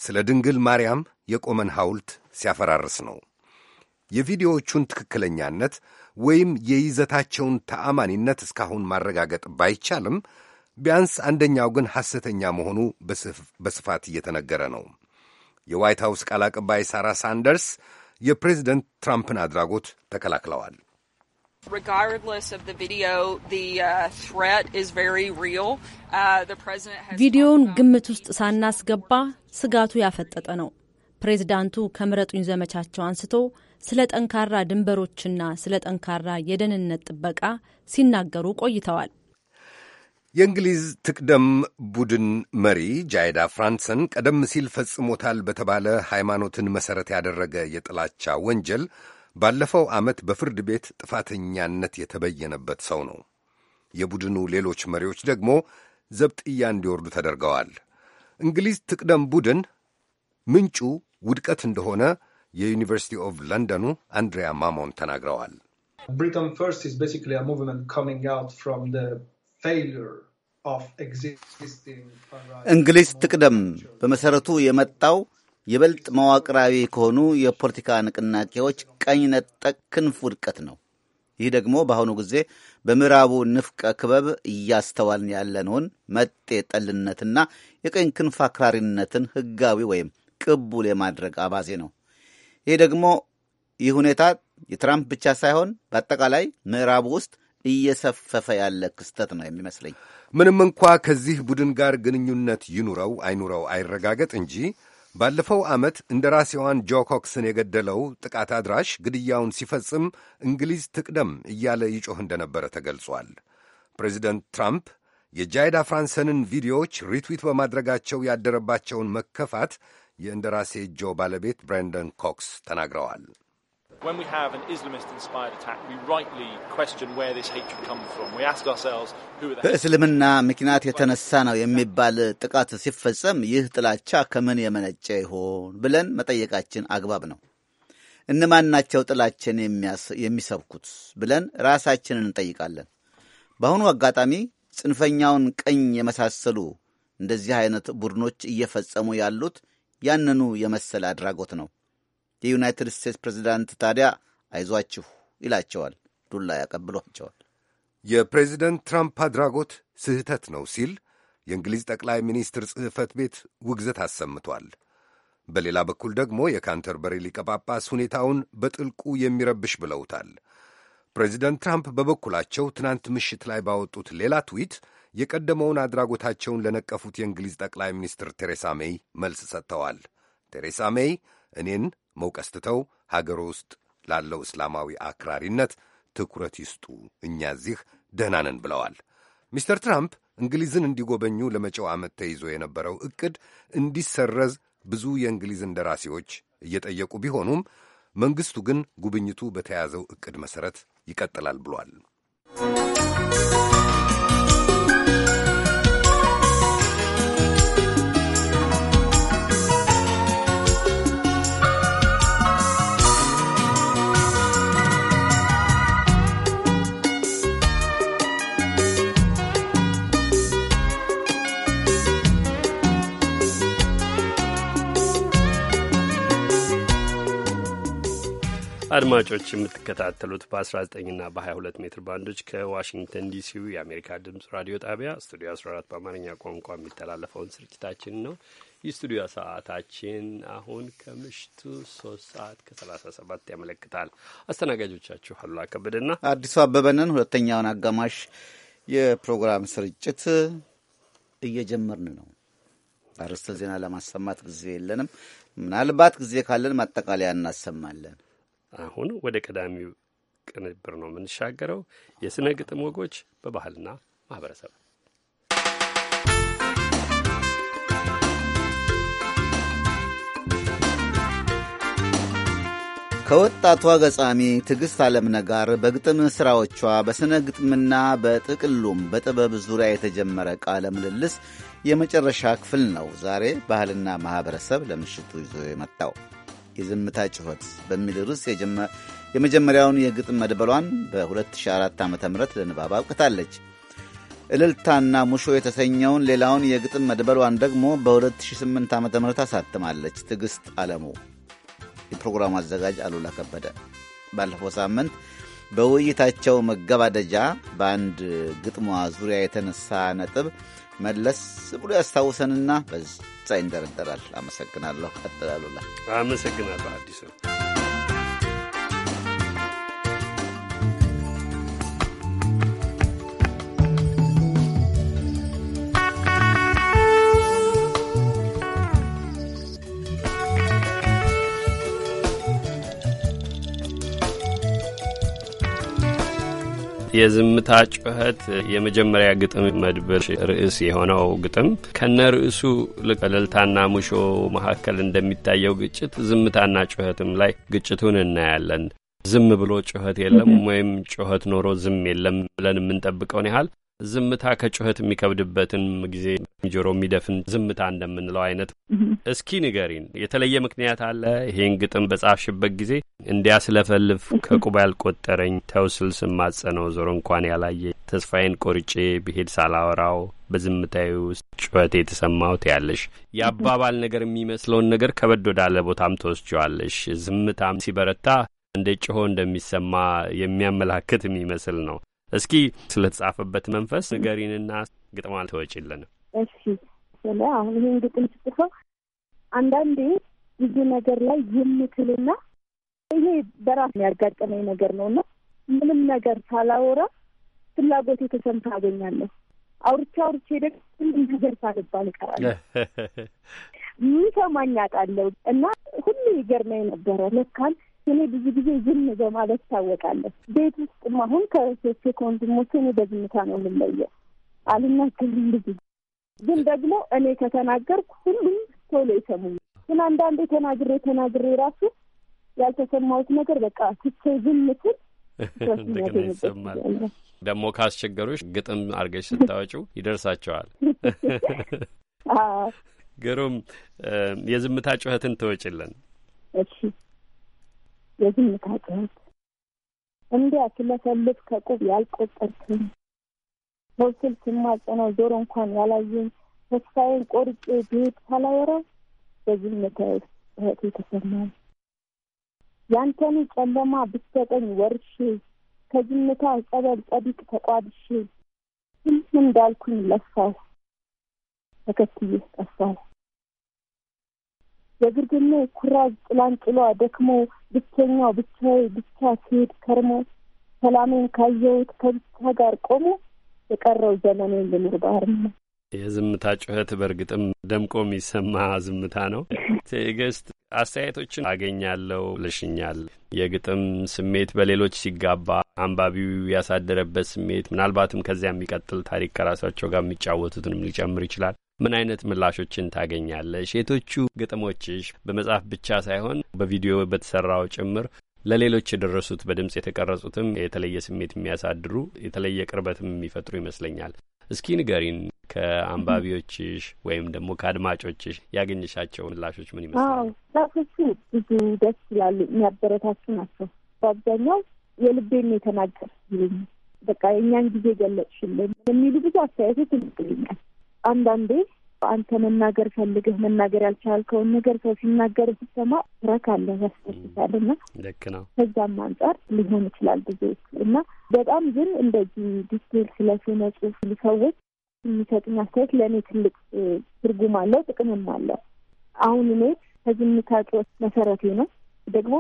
ስለ ድንግል ማርያም የቆመን ሐውልት ሲያፈራርስ ነው። የቪዲዮዎቹን ትክክለኛነት ወይም የይዘታቸውን ተአማኒነት እስካሁን ማረጋገጥ ባይቻልም ቢያንስ አንደኛው ግን ሐሰተኛ መሆኑ በስፋት እየተነገረ ነው። የዋይት ሃውስ ቃል አቀባይ ሳራ ሳንደርስ የፕሬዚደንት ትራምፕን አድራጎት ተከላክለዋል። Uh, uh, ቪዲዮውን ግምት ውስጥ ሳናስገባ ስጋቱ ያፈጠጠ ነው። ፕሬዝዳንቱ ከምረጡኝ ዘመቻቸው አንስቶ ስለ ጠንካራ ድንበሮችና ስለ ጠንካራ የደህንነት ጥበቃ ሲናገሩ ቆይተዋል። የእንግሊዝ ትቅደም ቡድን መሪ ጃይዳ ፍራንሰን ቀደም ሲል ፈጽሞታል በተባለ ሃይማኖትን መሠረት ያደረገ የጥላቻ ወንጀል ባለፈው ዓመት በፍርድ ቤት ጥፋተኛነት የተበየነበት ሰው ነው። የቡድኑ ሌሎች መሪዎች ደግሞ ዘብጥያ እንዲወርዱ ተደርገዋል። እንግሊዝ ትቅደም ቡድን ምንጩ ውድቀት እንደሆነ የዩኒቨርሲቲ ኦፍ ለንደኑ አንድሪያ ማሞን ተናግረዋል። እንግሊዝ ትቅደም በመሠረቱ የመጣው ይበልጥ መዋቅራዊ ከሆኑ የፖለቲካ ንቅናቄዎች ቀኝ ነጠቅ ክንፍ ውድቀት ነው። ይህ ደግሞ በአሁኑ ጊዜ በምዕራቡ ንፍቀ ክበብ እያስተዋልን ያለነውን መጤ ጠልነትና የቀኝ ክንፍ አክራሪነትን ሕጋዊ ወይም ቅቡል የማድረግ አባዜ ነው። ይህ ደግሞ ይህ ሁኔታ የትራምፕ ብቻ ሳይሆን በአጠቃላይ ምዕራቡ ውስጥ እየሰፈፈ ያለ ክስተት ነው የሚመስለኝ። ምንም እንኳ ከዚህ ቡድን ጋር ግንኙነት ይኑረው አይኑረው አይረጋገጥ እንጂ ባለፈው ዓመት እንደራሴዋን ጆ ኮክስን የገደለው ጥቃት አድራሽ ግድያውን ሲፈጽም እንግሊዝ ትቅደም እያለ ይጮህ እንደነበረ ተገልጿል። ፕሬዚደንት ትራምፕ የጃይዳ ፍራንሰንን ቪዲዮዎች ሪትዊት በማድረጋቸው ያደረባቸውን መከፋት የእንደራሴ ጆ ባለቤት ብራንደን ኮክስ ተናግረዋል። when we have an Islamist-inspired attack, we rightly question where this hatred comes from. We ask ourselves who are they? በእስልምና ምክንያት የተነሳ ነው የሚባል ጥቃት ሲፈጸም ይህ ጥላቻ ከምን የመነጨ ይሆን ብለን መጠየቃችን አግባብ ነው። እነማን ናቸው ጥላችን የሚሰብኩት ብለን ራሳችንን እንጠይቃለን። በአሁኑ አጋጣሚ ጽንፈኛውን ቀኝ የመሳሰሉ እንደዚህ አይነት ቡድኖች እየፈጸሙ ያሉት ያንኑ የመሰለ አድራጎት ነው። የዩናይትድ ስቴትስ ፕሬዚዳንት ታዲያ አይዟችሁ ይላቸዋል፣ ዱላ ያቀብሏቸዋል። የፕሬዚደንት ትራምፕ አድራጎት ስህተት ነው ሲል የእንግሊዝ ጠቅላይ ሚኒስትር ጽሕፈት ቤት ውግዘት አሰምቷል። በሌላ በኩል ደግሞ የካንተርበሪ ሊቀ ጳጳስ ሁኔታውን በጥልቁ የሚረብሽ ብለውታል። ፕሬዚደንት ትራምፕ በበኩላቸው ትናንት ምሽት ላይ ባወጡት ሌላ ትዊት የቀደመውን አድራጎታቸውን ለነቀፉት የእንግሊዝ ጠቅላይ ሚኒስትር ቴሬሳ ሜይ መልስ ሰጥተዋል። ቴሬሳ ሜይ እኔን መውቀስ ትተው ሀገር ውስጥ ላለው እስላማዊ አክራሪነት ትኩረት ይስጡ፣ እኛ እዚህ ደህና ነን ብለዋል። ሚስተር ትራምፕ እንግሊዝን እንዲጎበኙ ለመጪው ዓመት ተይዞ የነበረው ዕቅድ እንዲሰረዝ ብዙ የእንግሊዝ እንደራሴዎች እየጠየቁ ቢሆኑም መንግሥቱ ግን ጉብኝቱ በተያዘው ዕቅድ መሠረት ይቀጥላል ብሏል። አድማጮች የምትከታተሉት በ19ና በ22 ሜትር ባንዶች ከዋሽንግተን ዲሲው የአሜሪካ ድምፅ ራዲዮ ጣቢያ ስቱዲዮ 14 በአማርኛ ቋንቋ የሚተላለፈውን ስርጭታችን ነው። የስቱዲዮ ሰዓታችን አሁን ከምሽቱ 3 ሰዓት ከ37 ያመለክታል። አስተናጋጆቻችሁ አሉላ ከበደና አዲሱ አበበንን ሁለተኛውን አጋማሽ የፕሮግራም ስርጭት እየጀመርን ነው። አርዕስተ ዜና ለማሰማት ጊዜ የለንም። ምናልባት ጊዜ ካለን ማጠቃለያ እናሰማለን። አሁን ወደ ቀዳሚው ቅንብር ነው የምንሻገረው። የሥነ ግጥም ወጎች በባህልና ማህበረሰብ ከወጣቷ ገጻሚ ትዕግሥት ዓለምነ ጋር በግጥም ሥራዎቿ በሥነ ግጥምና በጥቅሉም በጥበብ ዙሪያ የተጀመረ ቃለ ምልልስ የመጨረሻ ክፍል ነው ዛሬ ባህልና ማኅበረሰብ ለምሽቱ ይዞ የመጣው። የዝምታ ጩኸት በሚል ርዕስ የመጀመሪያውን የግጥም መድበሏን በ2004 ዓ ም ለንባብ አብቅታለች። እልልታና ሙሾ የተሰኘውን ሌላውን የግጥም መድበሏን ደግሞ በ2008 ዓ ም አሳትማለች። ትዕግሥት አለሙ። የፕሮግራሙ አዘጋጅ አሉላ ከበደ ባለፈው ሳምንት በውይይታቸው መገባደጃ በአንድ ግጥሟ ዙሪያ የተነሳ ነጥብ መለስ ብሎ ያስታውሰንና ሳይንደረደራል። አመሰግናለሁ። ቀጥላሉላ አመሰግናለሁ አዲሱ የዝምታ ጩኸት የመጀመሪያ ግጥም መድብር ርዕስ የሆነው ግጥም ከነ ርዕሱ ልቀለልታና ሙሾ መካከል እንደሚታየው ግጭት ዝምታና ጩኸትም ላይ ግጭቱን እናያለን። ዝም ብሎ ጩኸት የለም ወይም ጩኸት ኖሮ ዝም የለም ብለን የምንጠብቀውን ያህል ዝምታ ከጩኸት የሚከብድበትን ጊዜ ጆሮ የሚደፍን ዝምታ እንደምንለው አይነት እስኪ ንገሪን። የተለየ ምክንያት አለ? ይሄን ግጥም በጻፍሽበት ጊዜ እንዲያ ስለፈልፍ ከቁባ ያልቆጠረኝ ተውስል ስማጸ ዞሮ እንኳን ያላየ ተስፋዬን ቆርጬ ብሄድ ሳላወራው በዝምታዊ ውስጥ ጩኸት የተሰማሁት ያለሽ የአባባል ነገር የሚመስለውን ነገር ከበድ ወዳለ ቦታም ተወስጀዋለሽ። ዝምታም ሲበረታ እንደ ጭሆ እንደሚሰማ የሚያመላክት የሚመስል ነው። እስኪ ስለተጻፈበት መንፈስ ንገሪንና ግጥሟን ትወጪልን። እሺ፣ ስለ አሁን ይህን ግጥም ስጽፈው አንዳንዴ ብዙ ነገር ላይ የምትልና ይሄ በራስ ያጋጠመኝ ነገር ነው እና ምንም ነገር ሳላወራ ፍላጎቴ ተሰምታ አገኛለሁ። አውርቼ አውርቼ ደግሞ ምንም ነገር ሳልባል እቀራለሁ። የሚሰማኝ አጣለሁ እና ሁሉ ይገርመኝ ነበረ ለካል እኔ ብዙ ጊዜ ዝም በማለት ታወቃለሁ። ቤት ውስጥም አሁን ከሴሴ ከወንድሞቼ እኔ በዝምታ ነው የምለየው፣ አልናገርም ብዙ ግን ደግሞ እኔ ከተናገርኩ ሁሉም ቶሎ ይሰሙኝ። ግን አንዳንዴ ተናግሬ ተናግሬ ራሱ ያልተሰማሁት ነገር በቃ ትቼ ዝም ስል እንደገና ይሰማል። ደግሞ ካስቸገሮች ግጥም አድርገሽ ስታወጪው ይደርሳቸዋል። ግሩም የዝምታ ጩኸትን ትወጪልን። የዝምታ ጩኸት እንዲያ ስለሰልፍ ከቁብ ያልቆጠርክኝ በውስል ስማጸነው ዞሮ እንኳን ያላየኝ ተስፋዬን ቆርጬ ብሄድ ሳላወራው በዝምታ ጩኸት የተሰማኝ ያንተን ጨለማ ብትሰጠኝ ወርሼ ከዝምታ ጸበል ጸዲቅ ተቋድሼ ሁሉም እንዳልኩኝ ለፋው ተከትዬ ጠፋው። በግርግም ኩራዝ ጭላንጭሏ ደክሞ ብቸኛው ብቻዬ ብቻ ሲሄድ ከርሞ ሰላሜን ካየሁት ከብቻ ጋር ቆሞ የቀረው ዘመኔን ልኑር ባህር ነው። የዝምታ ጩኸት በእርግጥም ደምቆ የሚሰማ ዝምታ ነው። ትዕግስት፣ አስተያየቶችን አገኛለሁ ልሽኛል። የግጥም ስሜት በሌሎች ሲጋባ አንባቢው ያሳደረበት ስሜት ምናልባትም ከዚያ የሚቀጥል ታሪክ ከራሳቸው ጋር የሚጫወቱትንም ሊጨምር ይችላል። ምን አይነት ምላሾችን ታገኛለሽ? የቶቹ ግጥሞችሽ በመጽሐፍ ብቻ ሳይሆን በቪዲዮ በተሰራው ጭምር ለሌሎች የደረሱት በድምፅ የተቀረጹትም የተለየ ስሜት የሚያሳድሩ የተለየ ቅርበትም የሚፈጥሩ ይመስለኛል። እስኪ ንገሪን ከአንባቢዎችሽ ወይም ደግሞ ከአድማጮችሽ ያገኘሻቸው ምላሾች ምን ይመስላሉ? ብዙ ደስ ይላሉ፣ የሚያበረታቱ ናቸው። በአብዛኛው የልቤን የተናገርሽልኝ፣ በቃ የእኛን ጊዜ ገለጽሽልን የሚሉ ብዙ አስተያየቶች ይመስልኛል። አንዳንዴ አንተ መናገር ፈልግህ መናገር ያልቻልከውን ነገር ሰው ሲናገር ስትሰማ ረክ አለ ያስፈልጋል እና ልክ ነው። ከዛም አንጻር ሊሆን ይችላል ብዙ እና በጣም ግን እንደዚህ ዲቴል ስለ ስነ ጽሁፍ ሰዎች የሚሰጡኝ አስተያየት ለእኔ ትልቅ ትርጉም አለው ጥቅምም አለው። አሁን እኔ ከዝምታ ጩኸት መሰረቴ ነው ደግሞ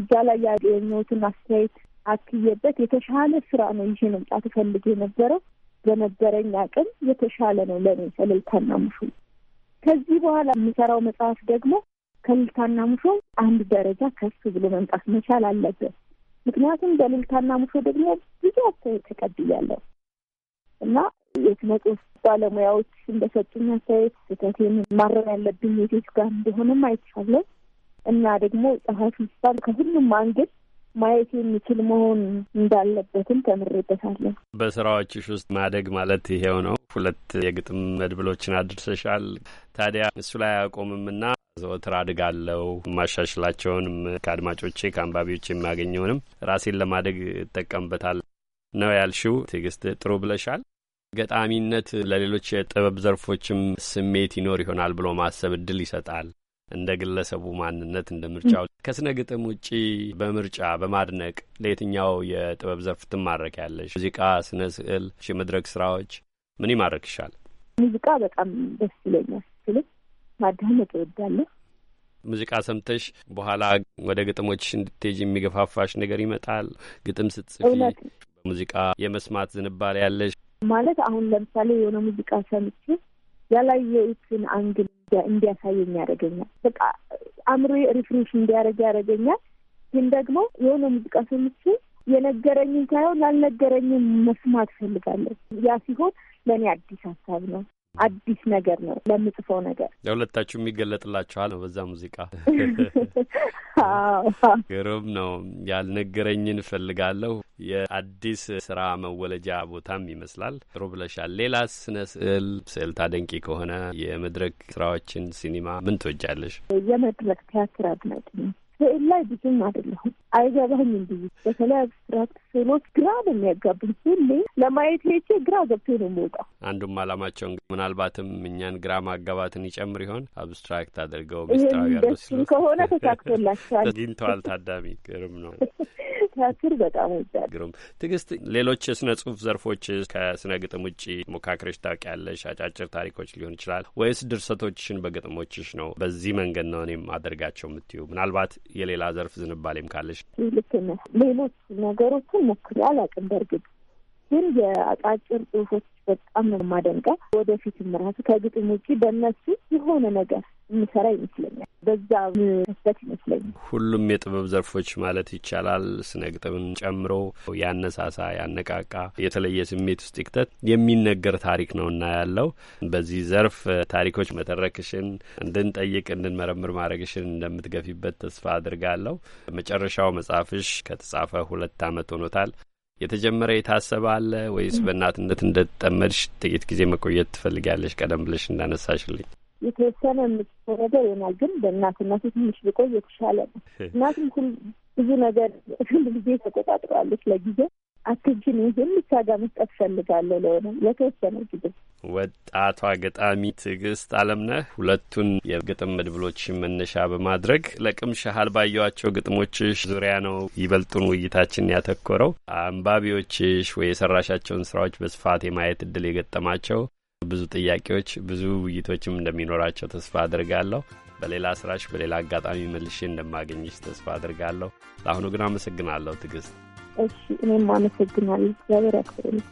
እዛ ላይ ያገኘሁትን አስተያየት አክየበት የተሻለ ስራ ነው ይዤ መምጣት እፈልግ የነበረው በነበረኝ አቅም የተሻለ ነው ለእኔ ከልልታና ሙሾ። ከዚህ በኋላ የምሰራው መጽሐፍ ደግሞ ከልልታና ሙሾ አንድ ደረጃ ከፍ ብሎ መምጣት መቻል አለበት። ምክንያቱም በልልታና ሙሾ ደግሞ ብዙ አስተያየት ተቀብያለሁ እና የስነ ጽሑፍ ባለሙያዎች እንደሰጡኝ አስተያየት ስህተቴን ማረም ያለብኝ የቴት ጋር እንደሆነም አይቻለሁ እና ደግሞ ጸሐፊ ሲባል ከሁሉም አንግል ማየት የሚችል መሆን እንዳለበትም ተምሬበታለሁ። በስራዎችሽ ውስጥ ማደግ ማለት ይሄው ነው። ሁለት የግጥም መድብሎችን አድርሰሻል። ታዲያ እሱ ላይ አያቆምምና ዘወትር አድጋለው ማሻሽላቸውንም ከአድማጮቼ ከአንባቢዎች የሚያገኘውንም ራሴን ለማደግ እጠቀምበታል ነው ያልሽው። ትዕግስት ጥሩ ብለሻል። ገጣሚነት ለሌሎች የጥበብ ዘርፎችም ስሜት ይኖር ይሆናል ብሎ ማሰብ እድል ይሰጣል። እንደ ግለሰቡ ማንነት እንደ ምርጫው ከስነ ግጥም ውጪ በምርጫ በማድነቅ ለየትኛው የጥበብ ዘርፍ ትማረክ ያለሽ? ሙዚቃ፣ ስነ ስዕል፣ የመድረክ ስራዎች ምን ይማረክሻል? ሙዚቃ በጣም ደስ ይለኛል። ስልም ማዳመጥ እወዳለሁ። ሙዚቃ ሰምተሽ በኋላ ወደ ግጥሞች እንድትሄጅ የሚገፋፋሽ ነገር ይመጣል? ግጥም ስትጽፊ ሙዚቃ የመስማት ዝንባሌ ያለሽ ማለት አሁን ለምሳሌ የሆነ ሙዚቃ ሰምቼ ያላየሁትን አንግል እንዲያሳየኝ ያደረገኛል። በቃ አእምሮ ሪፍሬሽ እንዲያደረግ ያደረገኛል። ግን ደግሞ የሆነ ሙዚቃ ሰምቼ የነገረኝን ሳይሆን ያልነገረኝን መስማት እፈልጋለሁ። ያ ሲሆን ለእኔ አዲስ ሀሳብ ነው። አዲስ ነገር ነው ለምጽፈው ነገር ለሁለታችሁ የሚገለጥላችኋል በዛ ሙዚቃ። ግሩም ነው። ያልነገረኝን እፈልጋለሁ የአዲስ ስራ መወለጃ ቦታም ይመስላል። ጥሩ ብለሻል። ሌላ ስነ ስዕል ስዕል ታደንቂ ከሆነ የመድረክ ስራዎችን ሲኒማ ምን ትወጃለሽ? የመድረክ ቲያትር አድናቂ ስዕል ላይ ብዙም አይደለሁም። አይገባህም ብዙ በተለይ አብስትራክት ስዕሎች ግራ ነው የሚያጋቡኝ። ሁሌ ለማየት ሄቼ ግራ ገብቶ ነው የምወጣው። አንዱም አላማቸው ምናልባትም እኛን ግራ ማጋባትን ይጨምር ይሆን? አብስትራክት አድርገው ምስጢራዊ ከሆነ ተሳክቶላቸዋል፣ አግኝተዋል። ታዳሚ ግርም ነው ትያትር በጣም ወዳል። ግሩም ትዕግስት፣ ሌሎች የስነ ጽሁፍ ዘርፎች ከስነ ግጥም ውጭ ሞካክረሽ ታውቂያለሽ? አጫጭር ታሪኮች ሊሆን ይችላል ወይስ ድርሰቶችሽን በግጥሞችሽ ነው በዚህ መንገድ ነው እኔም አደርጋቸው የምትዩ ምናልባት የሌላ ዘርፍ ዝንባሌም ካለሽ ያለሽ። ልክነሽ ሌሎች ነገሮችን ሞክሬ አላውቅም። በእርግጥ ግን የአጫጭር ጽሁፎች በጣም ነው የማደንቀው። ወደፊት ምራቱ ከግጥም ውጪ በእነሱ የሆነ ነገር የሚሰራ ይመስለኛል። በዛ ስበት ይመስለኛል። ሁሉም የጥበብ ዘርፎች ማለት ይቻላል ስነ ግጥምን ጨምሮ ያነሳሳ፣ ያነቃቃ፣ የተለየ ስሜት ውስጥ ይክተት የሚነገር ታሪክ እና ያለው በዚህ ዘርፍ ታሪኮች መተረክሽን እንድንጠይቅ እንድንመረምር ማድረግሽን እንደምትገፊበት ተስፋ አድርጋለሁ። መጨረሻው መጽሐፍሽ ከተጻፈ ሁለት አመት ሆኖታል። የተጀመረ የታሰበ አለ ወይስ በእናትነት እንደተጠመድሽ ጥቂት ጊዜ መቆየት ትፈልጊያለሽ? ቀደም ብለሽ እንዳነሳሽልኝ የተወሰነ የምትሆ ነገር ይሆናል፣ ግን በእናትነቱ ትንሽ ብቆይ የተሻለ ነው። እናትም ሁሉ ብዙ ነገር ሁሉ ጊዜ ተቆጣጥረዋለች። ለጊዜ አትጅን ይህም ብቻ ጋር መስጠት ፈልጋለሁ ለሆነ ለተወሰነ ጊዜ ወጣቷ ገጣሚ ትዕግስት አለምነህ ሁለቱን የግጥም መድብሎችን መነሻ በማድረግ ለቅምሻ ሀል ባየዋቸው ግጥሞችሽ ዙሪያ ነው ይበልጡን ውይይታችን ያተኮረው። አንባቢዎችሽ ወይ የሰራሻቸውን ስራዎች በስፋት የማየት እድል የገጠማቸው ብዙ ጥያቄዎች፣ ብዙ ውይይቶችም እንደሚኖራቸው ተስፋ አድርጋለሁ። በሌላ ስራሽ በሌላ አጋጣሚ መልሼ እንደማገኝሽ ተስፋ አድርጋለሁ። ለአሁኑ ግን አመሰግናለሁ ትዕግስት። እሺ፣ እኔም አመሰግናለሁ። እግዚአብሔር ያክብርልኝ።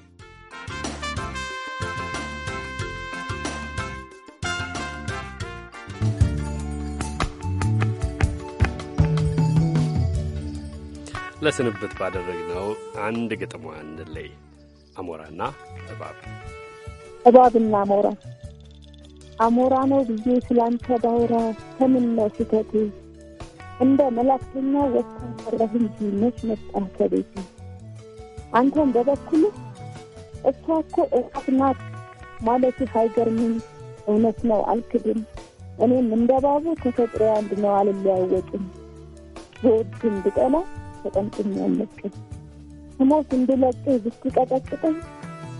ለስንብት ባደረግነው አንድ ግጥሟ እንለይ አሞራና እባብ እባብና አሞራ አሞራ ነው ብዬ ስላንተ ባወራ ከምን ነው ስህተቴ? እንደ መላክተኛ ወጥተህ ቀረህ እንጂ መች መጣህ ከቤት አንተም በበኩል እሷ እኮ እራት ናት ማለትህ አይገርምም። እውነት ነው አልክድም። እኔም እንደ ባቡ ተፈጥሮ አንድ ነው አልለያወቅም። በወድም ብጠላ ተጠምጥም ያለቅም ስሞት እንድለቅህ ብትቀጠቅጠኝ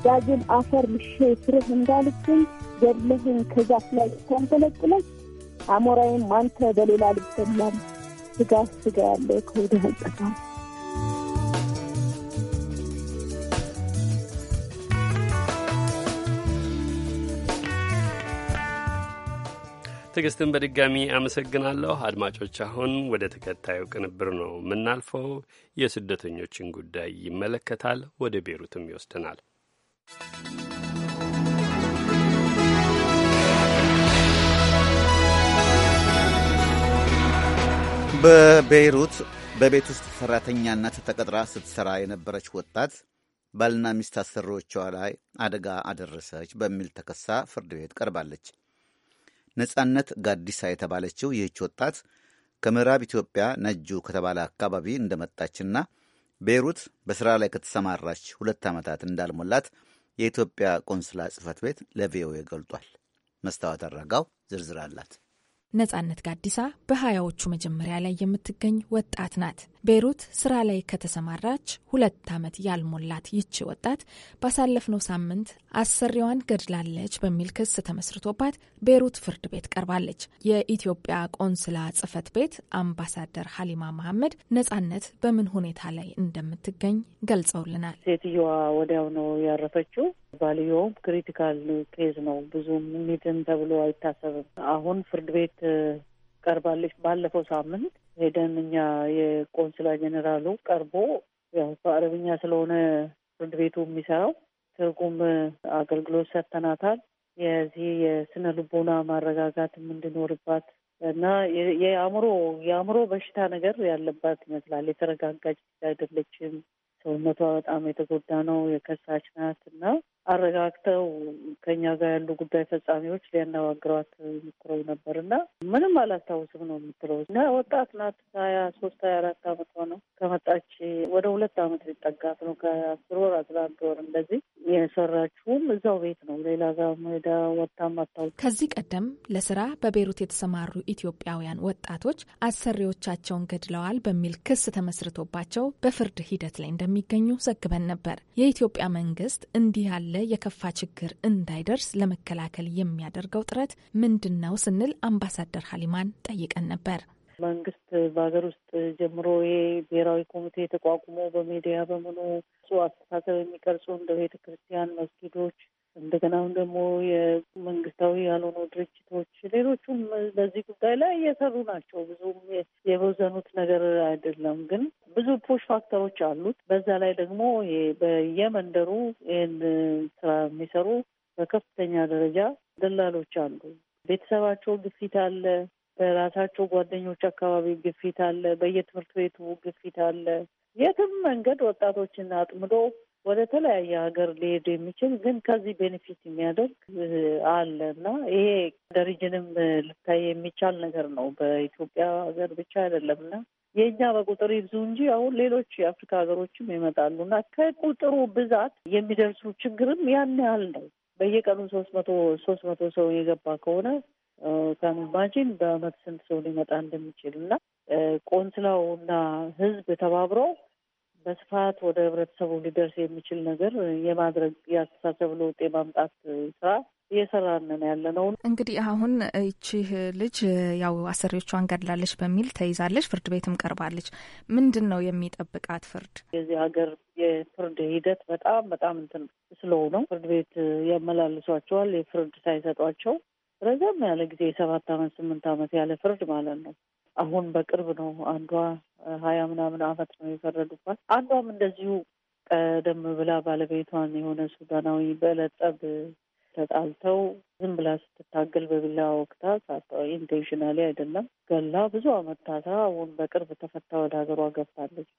ዳግም አፈር ምሽ ስርህ እንዳልብኝ ገድለህን ከዛፍ ላይ ተንጠለጥለህ አሞራይም አንተ በሌላ ልበላም ስጋ ስጋ ያለ ከወደህ አልጠፋም። ትዕግስትን በድጋሚ አመሰግናለሁ። አድማጮች፣ አሁን ወደ ተከታዩ ቅንብር ነው የምናልፈው። የስደተኞችን ጉዳይ ይመለከታል፣ ወደ ቤሩትም ይወስደናል። በቤይሩት በቤት ውስጥ ሰራተኛነት ተቀጥራ ስትሰራ የነበረች ወጣት ባልና ሚስት አሰሪዎቿ ላይ አደጋ አደረሰች በሚል ተከሳ ፍርድ ቤት ቀርባለች። ነጻነት ጋዲሳ የተባለችው ይህች ወጣት ከምዕራብ ኢትዮጵያ ነጁ ከተባለ አካባቢ እንደመጣችና ቤይሩት በሥራ ላይ ከተሰማራች ሁለት ዓመታት እንዳልሞላት የኢትዮጵያ ቆንስላ ጽህፈት ቤት ለቪኦኤ ገልጧል። መስታወት አረጋው ዝርዝር አላት። ነጻነት ጋዲሳ በሀያዎቹ መጀመሪያ ላይ የምትገኝ ወጣት ናት። ቤሩት ስራ ላይ ከተሰማራች ሁለት ዓመት ያልሞላት ይቺ ወጣት ባሳለፍነው ሳምንት አሰሪዋን ገድላለች በሚል ክስ ተመስርቶባት ቤሩት ፍርድ ቤት ቀርባለች። የኢትዮጵያ ቆንስላ ጽህፈት ቤት አምባሳደር ሀሊማ መሐመድ ነጻነት በምን ሁኔታ ላይ እንደምትገኝ ገልጸውልናል። ሴትየዋ ወዲያው ነው ያረፈችው። ባልየውም ክሪቲካል ኬዝ ነው፣ ብዙም ሚድን ተብሎ አይታሰብም። አሁን ፍርድ ቤት ቀርባለች። ባለፈው ሳምንት ሄደን እኛ የቆንስላ ጀኔራሉ ቀርቦ ያው በአረብኛ ስለሆነ ፍርድ ቤቱ የሚሰራው ትርጉም አገልግሎት ሰጥተናታል። የዚህ የስነ ልቦና ማረጋጋት እንዲኖርባት እና የአእምሮ የአእምሮ በሽታ ነገር ያለባት ይመስላል። የተረጋጋች አይደለችም። ሰውነቷ በጣም የተጎዳ ነው። የከሳች ናት እና አረጋግተው ከኛ ጋር ያሉ ጉዳይ ፈጻሚዎች ሊያነጋግሯት ሞክረው ነበር እና ምንም አላስታውስም ነው የምትለው እና ወጣት ናት ሀያ ሶስት ሀያ አራት አመት ሆነው ከመጣች ወደ ሁለት አመት ሊጠጋት ነው ከአስር ወር አስራ አንድ ወር እንደዚህ የሰራችውም እዛው ቤት ነው ሌላ ጋ ሄዳ ወጣ አታውቅም ከዚህ ቀደም ለስራ በቤሩት የተሰማሩ ኢትዮጵያውያን ወጣቶች አሰሪዎቻቸውን ገድለዋል በሚል ክስ ተመስርቶባቸው በፍርድ ሂደት ላይ እንደሚገኙ ዘግበን ነበር የኢትዮጵያ መንግስት እንዲህ ያለ የከፋ ችግር እንዳይደርስ ለመከላከል የሚያደርገው ጥረት ምንድን ነው ስንል አምባሳደር ሀሊማን ጠይቀን ነበር። መንግስት በሀገር ውስጥ ጀምሮ ይሄ ብሔራዊ ኮሚቴ ተቋቁሞ በሚዲያ በምኑ ጽ አስተሳሰብ የሚቀርጹ እንደ ቤተ ክርስቲያን መስጊዶች እንደገና አሁን ደግሞ የመንግስታዊ ያልሆኑ ድርጅቶች ሌሎቹም በዚህ ጉዳይ ላይ እየሰሩ ናቸው። ብዙም የበዘኑት ነገር አይደለም። ግን ብዙ ፑሽ ፋክተሮች አሉት። በዛ ላይ ደግሞ በየመንደሩ ይህን ስራ የሚሰሩ በከፍተኛ ደረጃ ደላሎች አሉ። ቤተሰባቸው ግፊት አለ። በራሳቸው ጓደኞች አካባቢ ግፊት አለ። በየትምህርት ቤቱ ግፊት አለ። የትም መንገድ ወጣቶችን አጥምዶ ወደ ተለያየ ሀገር ሊሄዱ የሚችል ግን ከዚህ ቤኔፊት የሚያደርግ አለ እና ይሄ ደሪጅንም ልታይ የሚቻል ነገር ነው። በኢትዮጵያ ሀገር ብቻ አይደለም እና የእኛ በቁጥር ይብዙ እንጂ አሁን ሌሎች የአፍሪካ ሀገሮችም ይመጣሉ እና ከቁጥሩ ብዛት የሚደርሱ ችግርም ያን ያህል ነው። በየቀኑ ሶስት መቶ ሶስት መቶ ሰው የገባ ከሆነ ከማጂን በአመት ስንት ሰው ሊመጣ እንደሚችል እና ቆንስላው እና ህዝብ ተባብረው በስፋት ወደ ህብረተሰቡ ሊደርስ የሚችል ነገር የማድረግ የአስተሳሰብ ለውጥ የማምጣት ስራ እየሰራንን ያለ ነው። እንግዲህ አሁን ይቺህ ልጅ ያው አሰሪዎቿን ገድላለች በሚል ተይዛለች፣ ፍርድ ቤትም ቀርባለች። ምንድን ነው የሚጠብቃት ፍርድ? የዚህ ሀገር የፍርድ ሂደት በጣም በጣም እንትን ነው ፍርድ ቤት ያመላልሷቸዋል። የፍርድ ሳይሰጧቸው ረዘም ያለ ጊዜ የሰባት አመት ስምንት አመት ያለ ፍርድ ማለት ነው አሁን በቅርብ ነው። አንዷ ሀያ ምናምን አመት ነው የፈረዱባት። አንዷም እንደዚሁ ቀደም ብላ ባለቤቷን የሆነ ሱዳናዊ በለጠብ። ተጣልተው ዝም ብላ ስትታገል በቢላ ወቅታ ኢንቴንሽናሊ አይደለም ገላ ብዙ አመት ታስራ አሁን በቅርብ ተፈታ ወደ ሀገሯ ገብታለች።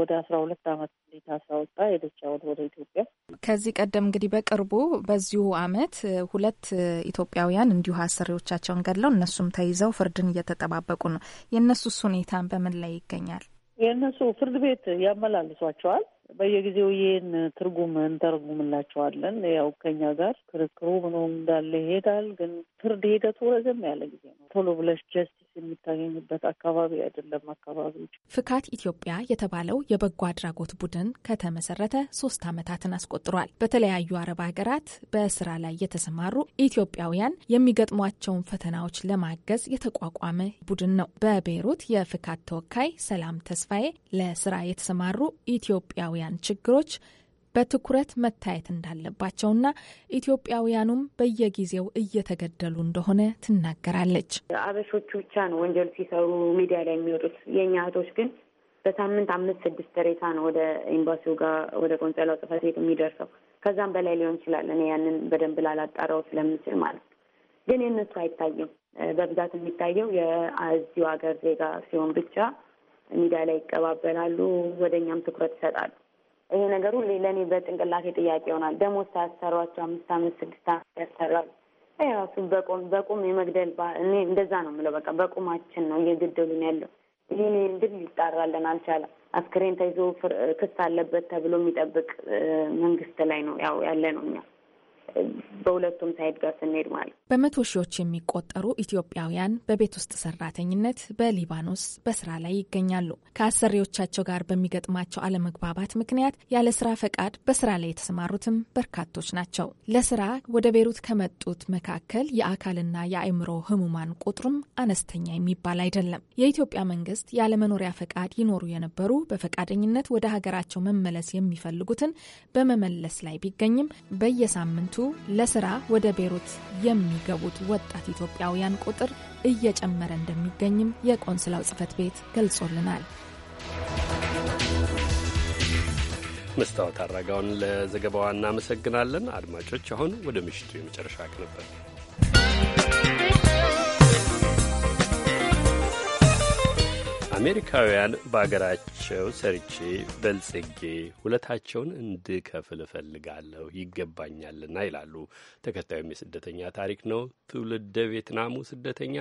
ወደ አስራ ሁለት አመት ታስራ ወጣ ሄደች አሁን ወደ ኢትዮጵያ። ከዚህ ቀደም እንግዲህ በቅርቡ በዚሁ አመት ሁለት ኢትዮጵያውያን እንዲሁ አሰሪዎቻቸውን ገድለው እነሱም ተይዘው ፍርድን እየተጠባበቁ ነው። የእነሱስ ሁኔታን በምን ላይ ይገኛል? የእነሱ ፍርድ ቤት ያመላልሷቸዋል በየጊዜው ይህን ትርጉም እንተረጉምላቸዋለን። ያው ከኛ ጋር ክርክሩ ምኖ እንዳለ ይሄዳል ግን ፍርድ ሂደቱ ረዘም ያለ ጊዜ ነው። ቶሎ ብለሽ ጀስቲስ የሚታገኝበት አካባቢ አይደለም። አካባቢዎች ፍካት ኢትዮጵያ የተባለው የበጎ አድራጎት ቡድን ከተመሰረተ ሶስት ዓመታትን አስቆጥሯል። በተለያዩ አረብ ሀገራት በስራ ላይ የተሰማሩ ኢትዮጵያውያን የሚገጥሟቸውን ፈተናዎች ለማገዝ የተቋቋመ ቡድን ነው። በቤይሩት የፍካት ተወካይ ሰላም ተስፋዬ ለስራ የተሰማሩ ኢትዮጵያውያን ችግሮች በትኩረት መታየት እንዳለባቸውና ኢትዮጵያውያኑም በየጊዜው እየተገደሉ እንደሆነ ትናገራለች። አበሾቹ ብቻ ነው ወንጀል ሲሰሩ ሚዲያ ላይ የሚወጡት። የእኛ እህቶች ግን በሳምንት አምስት ስድስት ሬሳ ነው ወደ ኤምባሲው ጋር ወደ ቆንጸላው ጽፈት ቤት የሚደርሰው። ከዛም በላይ ሊሆን ይችላል። እኔ ያንን በደንብ ላላጣራው ስለምችል ማለት ነው። ግን የእነሱ አይታይም። በብዛት የሚታየው የዚሁ ሀገር ዜጋ ሲሆን ብቻ ሚዲያ ላይ ይቀባበላሉ፣ ወደ እኛም ትኩረት ይሰጣሉ። ይሄ ነገር ሁሌ ለእኔ በጭንቅላቴ ጥያቄ ይሆናል። ደሞዝ ሳያሰሯቸው አምስት አምስት ስድስት አመት ያሰራሉ። ራሱ በቁም በቁም የመግደል ባህል እኔ እንደዛ ነው የምለው። በቃ በቁማችን ነው እየገደሉን ያለው። ይህን እንድል ሊጣራለን አልቻለም። አስክሬን ተይዞ ክስ አለበት ተብሎ የሚጠብቅ መንግስት ላይ ነው ያው ያለ ነው እኛ በሁለቱም ሳይድ ጋር ስንሄድ ማለት በመቶ ሺዎች የሚቆጠሩ ኢትዮጵያውያን በቤት ውስጥ ሰራተኝነት በሊባኖስ በስራ ላይ ይገኛሉ። ከአሰሪዎቻቸው ጋር በሚገጥማቸው አለመግባባት ምክንያት ያለ ስራ ፈቃድ በስራ ላይ የተሰማሩትም በርካቶች ናቸው። ለስራ ወደ ቤሩት ከመጡት መካከል የአካልና የአእምሮ ህሙማን ቁጥሩም አነስተኛ የሚባል አይደለም። የኢትዮጵያ መንግስት ያለመኖሪያ ፈቃድ ይኖሩ የነበሩ በፈቃደኝነት ወደ ሀገራቸው መመለስ የሚፈልጉትን በመመለስ ላይ ቢገኝም በየሳምንቱ ለስራ ወደ ቤይሩት የሚገቡት ወጣት ኢትዮጵያውያን ቁጥር እየጨመረ እንደሚገኝም የቆንስላው ጽፈት ቤት ገልጾልናል። መስታወት አራጋውን ለዘገባዋ እናመሰግናለን። አድማጮች አሁን ወደ ምሽቱ የመጨረሻ ቅንብር አሜሪካውያን በአገራቸው ሰርቼ በልጽጌ ውለታቸውን እንድከፍል እፈልጋለሁ ይገባኛልና ይላሉ። ተከታዩም የስደተኛ ታሪክ ነው። ትውልደ ቬትናሙ ስደተኛ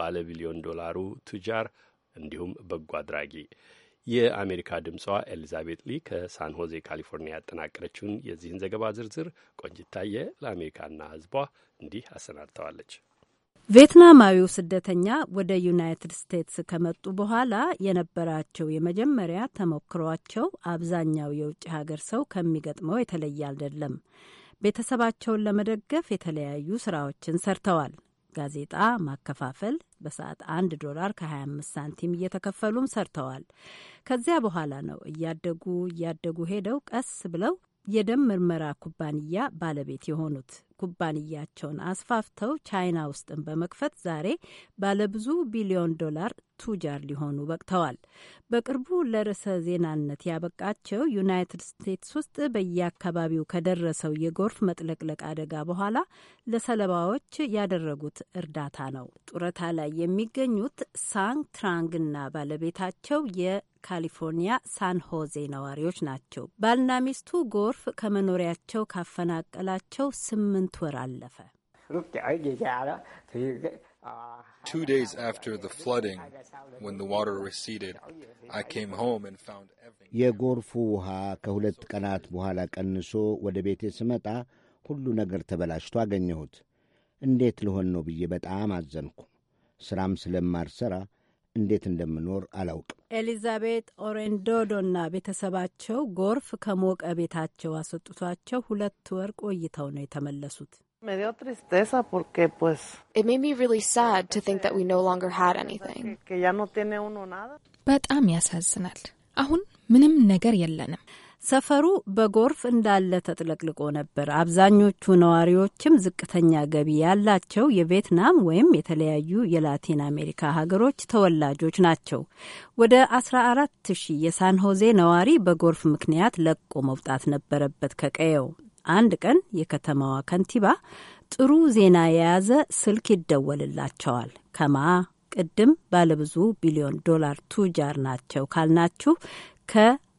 ባለ ቢሊዮን ዶላሩ ቱጃር እንዲሁም በጎ አድራጊ የአሜሪካ ድምጿ ኤሊዛቤት ሊ ከሳን ሆዜ ካሊፎርኒያ ያጠናቀረችውን የዚህን ዘገባ ዝርዝር ቆንጅታየ ለአሜሪካና ሕዝቧ እንዲህ አሰናድተዋለች። ቪየትናማዊው ስደተኛ ወደ ዩናይትድ ስቴትስ ከመጡ በኋላ የነበራቸው የመጀመሪያ ተሞክሯቸው አብዛኛው የውጭ ሀገር ሰው ከሚገጥመው የተለየ አይደለም። ቤተሰባቸውን ለመደገፍ የተለያዩ ስራዎችን ሰርተዋል። ጋዜጣ ማከፋፈል በሰዓት አንድ ዶላር ከ25 ሳንቲም እየተከፈሉም ሰርተዋል። ከዚያ በኋላ ነው እያደጉ እያደጉ ሄደው ቀስ ብለው የደም ምርመራ ኩባንያ ባለቤት የሆኑት። ኩባንያቸውን አስፋፍተው ቻይና ውስጥን በመክፈት ዛሬ ባለብዙ ቢሊዮን ዶላር ቱጃር ሊሆኑ በቅተዋል። በቅርቡ ለርዕሰ ዜናነት ያበቃቸው ዩናይትድ ስቴትስ ውስጥ በየአካባቢው ከደረሰው የጎርፍ መጥለቅለቅ አደጋ በኋላ ለሰለባዎች ያደረጉት እርዳታ ነው። ጡረታ ላይ የሚገኙት ሳንግ ትራንግና ባለቤታቸው የካሊፎርኒያ ሳን ሆዜ ነዋሪዎች ናቸው። ባልና ሚስቱ ጎርፍ ከመኖሪያቸው ካፈናቀላቸው ስምንት ስምንት ወር አለፈ። የጎርፉ ውሃ ከሁለት ቀናት በኋላ ቀንሶ ወደ ቤቴ ስመጣ ሁሉ ነገር ተበላሽቶ አገኘሁት። እንዴት ልሆን ነው ብዬ በጣም አዘንኩ። ሥራም ስለማልሠራ እንዴት እንደምኖር አላውቅም። ኤሊዛቤት ኦሬንዶዶና ቤተሰባቸው ጎርፍ ከሞቀ ቤታቸው አስወጥቷቸው ሁለት ወር ቆይተው ነው የተመለሱት። በጣም ያሳዝናል። አሁን ምንም ነገር የለንም። ሰፈሩ በጎርፍ እንዳለ ተጥለቅልቆ ነበር። አብዛኞቹ ነዋሪዎችም ዝቅተኛ ገቢ ያላቸው የቪየትናም ወይም የተለያዩ የላቲን አሜሪካ ሀገሮች ተወላጆች ናቸው። ወደ 14 ሺህ የሳንሆዜ ነዋሪ በጎርፍ ምክንያት ለቆ መውጣት ነበረበት ከቀየው። አንድ ቀን የከተማዋ ከንቲባ ጥሩ ዜና የያዘ ስልክ ይደወልላቸዋል። ከማ ቅድም ባለብዙ ቢሊዮን ዶላር ቱጃር ናቸው ካልናችሁ ከ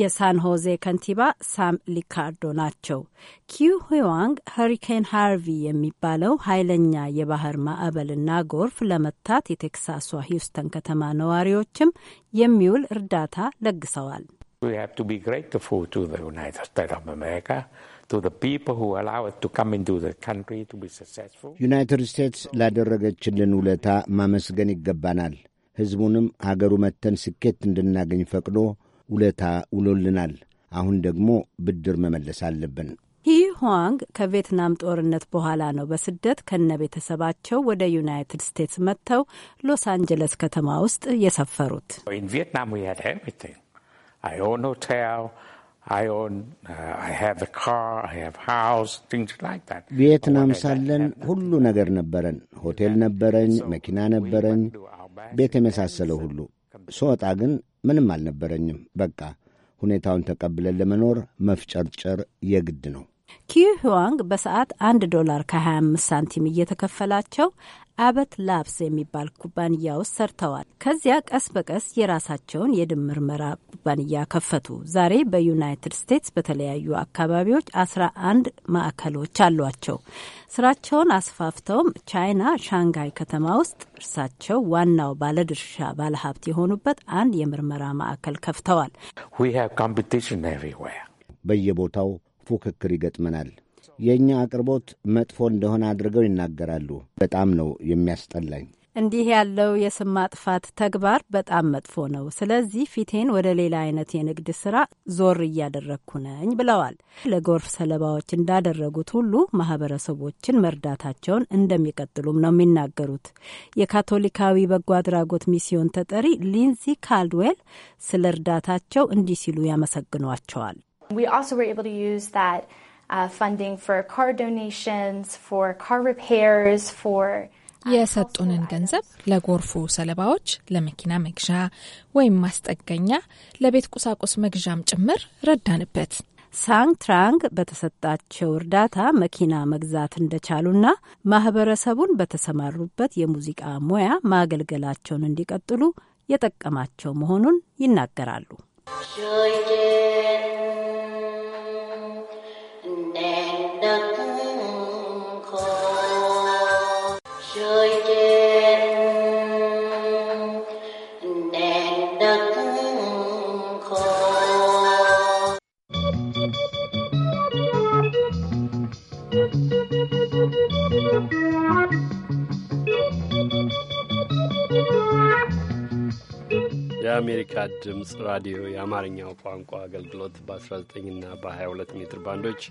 የሳን ሆዜ ከንቲባ ሳም ሊካርዶ ናቸው። ኪው ሂዋንግ ሀሪኬን ሃርቪ የሚባለው ኃይለኛ የባህር ማዕበልና ጎርፍ ለመታት የቴክሳሷ ሂውስተን ከተማ ነዋሪዎችም የሚውል እርዳታ ለግሰዋል። ዩናይትድ ስቴትስ ላደረገችልን ውለታ ማመስገን ይገባናል። ሕዝቡንም አገሩ መተን ስኬት እንድናገኝ ፈቅዶ ውለታ ውሎልናል። አሁን ደግሞ ብድር መመለስ አለብን። ሂ ሆዋንግ ከቪየትናም ጦርነት በኋላ ነው በስደት ከነ ቤተሰባቸው ወደ ዩናይትድ ስቴትስ መጥተው ሎስ አንጀለስ ከተማ ውስጥ የሰፈሩት። uh, ቪየትናም ሳለን ሁሉ ነገር ነበረን። ሆቴል ነበረኝ፣ መኪና ነበረኝ፣ ቤት የመሳሰለው ሁሉ። ስወጣ ግን ምንም አልነበረኝም። በቃ ሁኔታውን ተቀብለን ለመኖር መፍጨርጨር የግድ ነው። ኪዩ ህዋንግ በሰዓት 1 ዶላር ከ25 ሳንቲም እየተከፈላቸው አበት ላብስ የሚባል ኩባንያ ውስጥ ሰርተዋል። ከዚያ ቀስ በቀስ የራሳቸውን የድም ምርመራ ኩባንያ ከፈቱ። ዛሬ በዩናይትድ ስቴትስ በተለያዩ አካባቢዎች አስራ አንድ ማዕከሎች አሏቸው። ስራቸውን አስፋፍተውም ቻይና ሻንጋይ ከተማ ውስጥ እርሳቸው ዋናው ባለድርሻ ባለሀብት የሆኑበት አንድ የምርመራ ማዕከል ከፍተዋል። በየቦታው ፉክክር ይገጥመናል። የእኛ አቅርቦት መጥፎ እንደሆነ አድርገው ይናገራሉ። በጣም ነው የሚያስጠላኝ። እንዲህ ያለው የስም ማጥፋት ተግባር በጣም መጥፎ ነው። ስለዚህ ፊቴን ወደ ሌላ አይነት የንግድ ስራ ዞር እያደረግኩ ነኝ ብለዋል። ለጎርፍ ሰለባዎች እንዳደረጉት ሁሉ ማህበረሰቦችን መርዳታቸውን እንደሚቀጥሉም ነው የሚናገሩት። የካቶሊካዊ በጎ አድራጎት ሚስዮን ተጠሪ ሊንዚ ካልድዌል ስለ እርዳታቸው እንዲህ ሲሉ ያመሰግኗቸዋል። We also were able to use that Uh, funding for car donations, for car repairs, for uh, የሰጡንን ገንዘብ ለጎርፉ ሰለባዎች ለመኪና መግዣ ወይም ማስጠገኛ፣ ለቤት ቁሳቁስ መግዣም ጭምር ረዳንበት። ትራንግ በተሰጣቸው እርዳታ መኪና መግዛት እንደቻሉና ማህበረሰቡን በተሰማሩበት የሙዚቃ ሙያ ማገልገላቸውን እንዲቀጥሉ የጠቀማቸው መሆኑን ይናገራሉ። የአሜሪካ ድምፅ ራዲዮ የአማርኛው ቋንቋ አገልግሎት በ19 እና በ22 ሜትር ባንዶች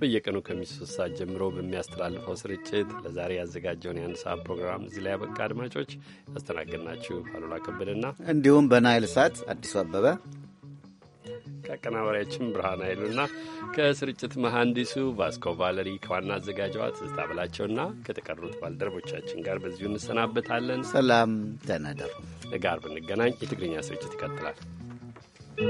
በየቀኑ ከምሽቱ ሰዓት ጀምሮ በሚያስተላልፈው ስርጭት ለዛሬ ያዘጋጀውን የአንድ ሰዓት ፕሮግራም እዚህ ላይ ያበቃ። አድማጮች ያስተናገድናችሁ አሉላ ከበደና እንዲሁም በናይል ሳት አዲሱ አበበ ከአቀናባሪያችን ብርሃን ኃይሉና ከስርጭት መሐንዲሱ ቫስኮ ቫለሪ ከዋና አዘጋጇ ትዝታ ብላቸውና ከተቀሩት ባልደረቦቻችን ጋር በዚሁ እንሰናበታለን። ሰላም ተናደሩ። ነገ ብንገናኝ የትግርኛ ስርጭት ይቀጥላል።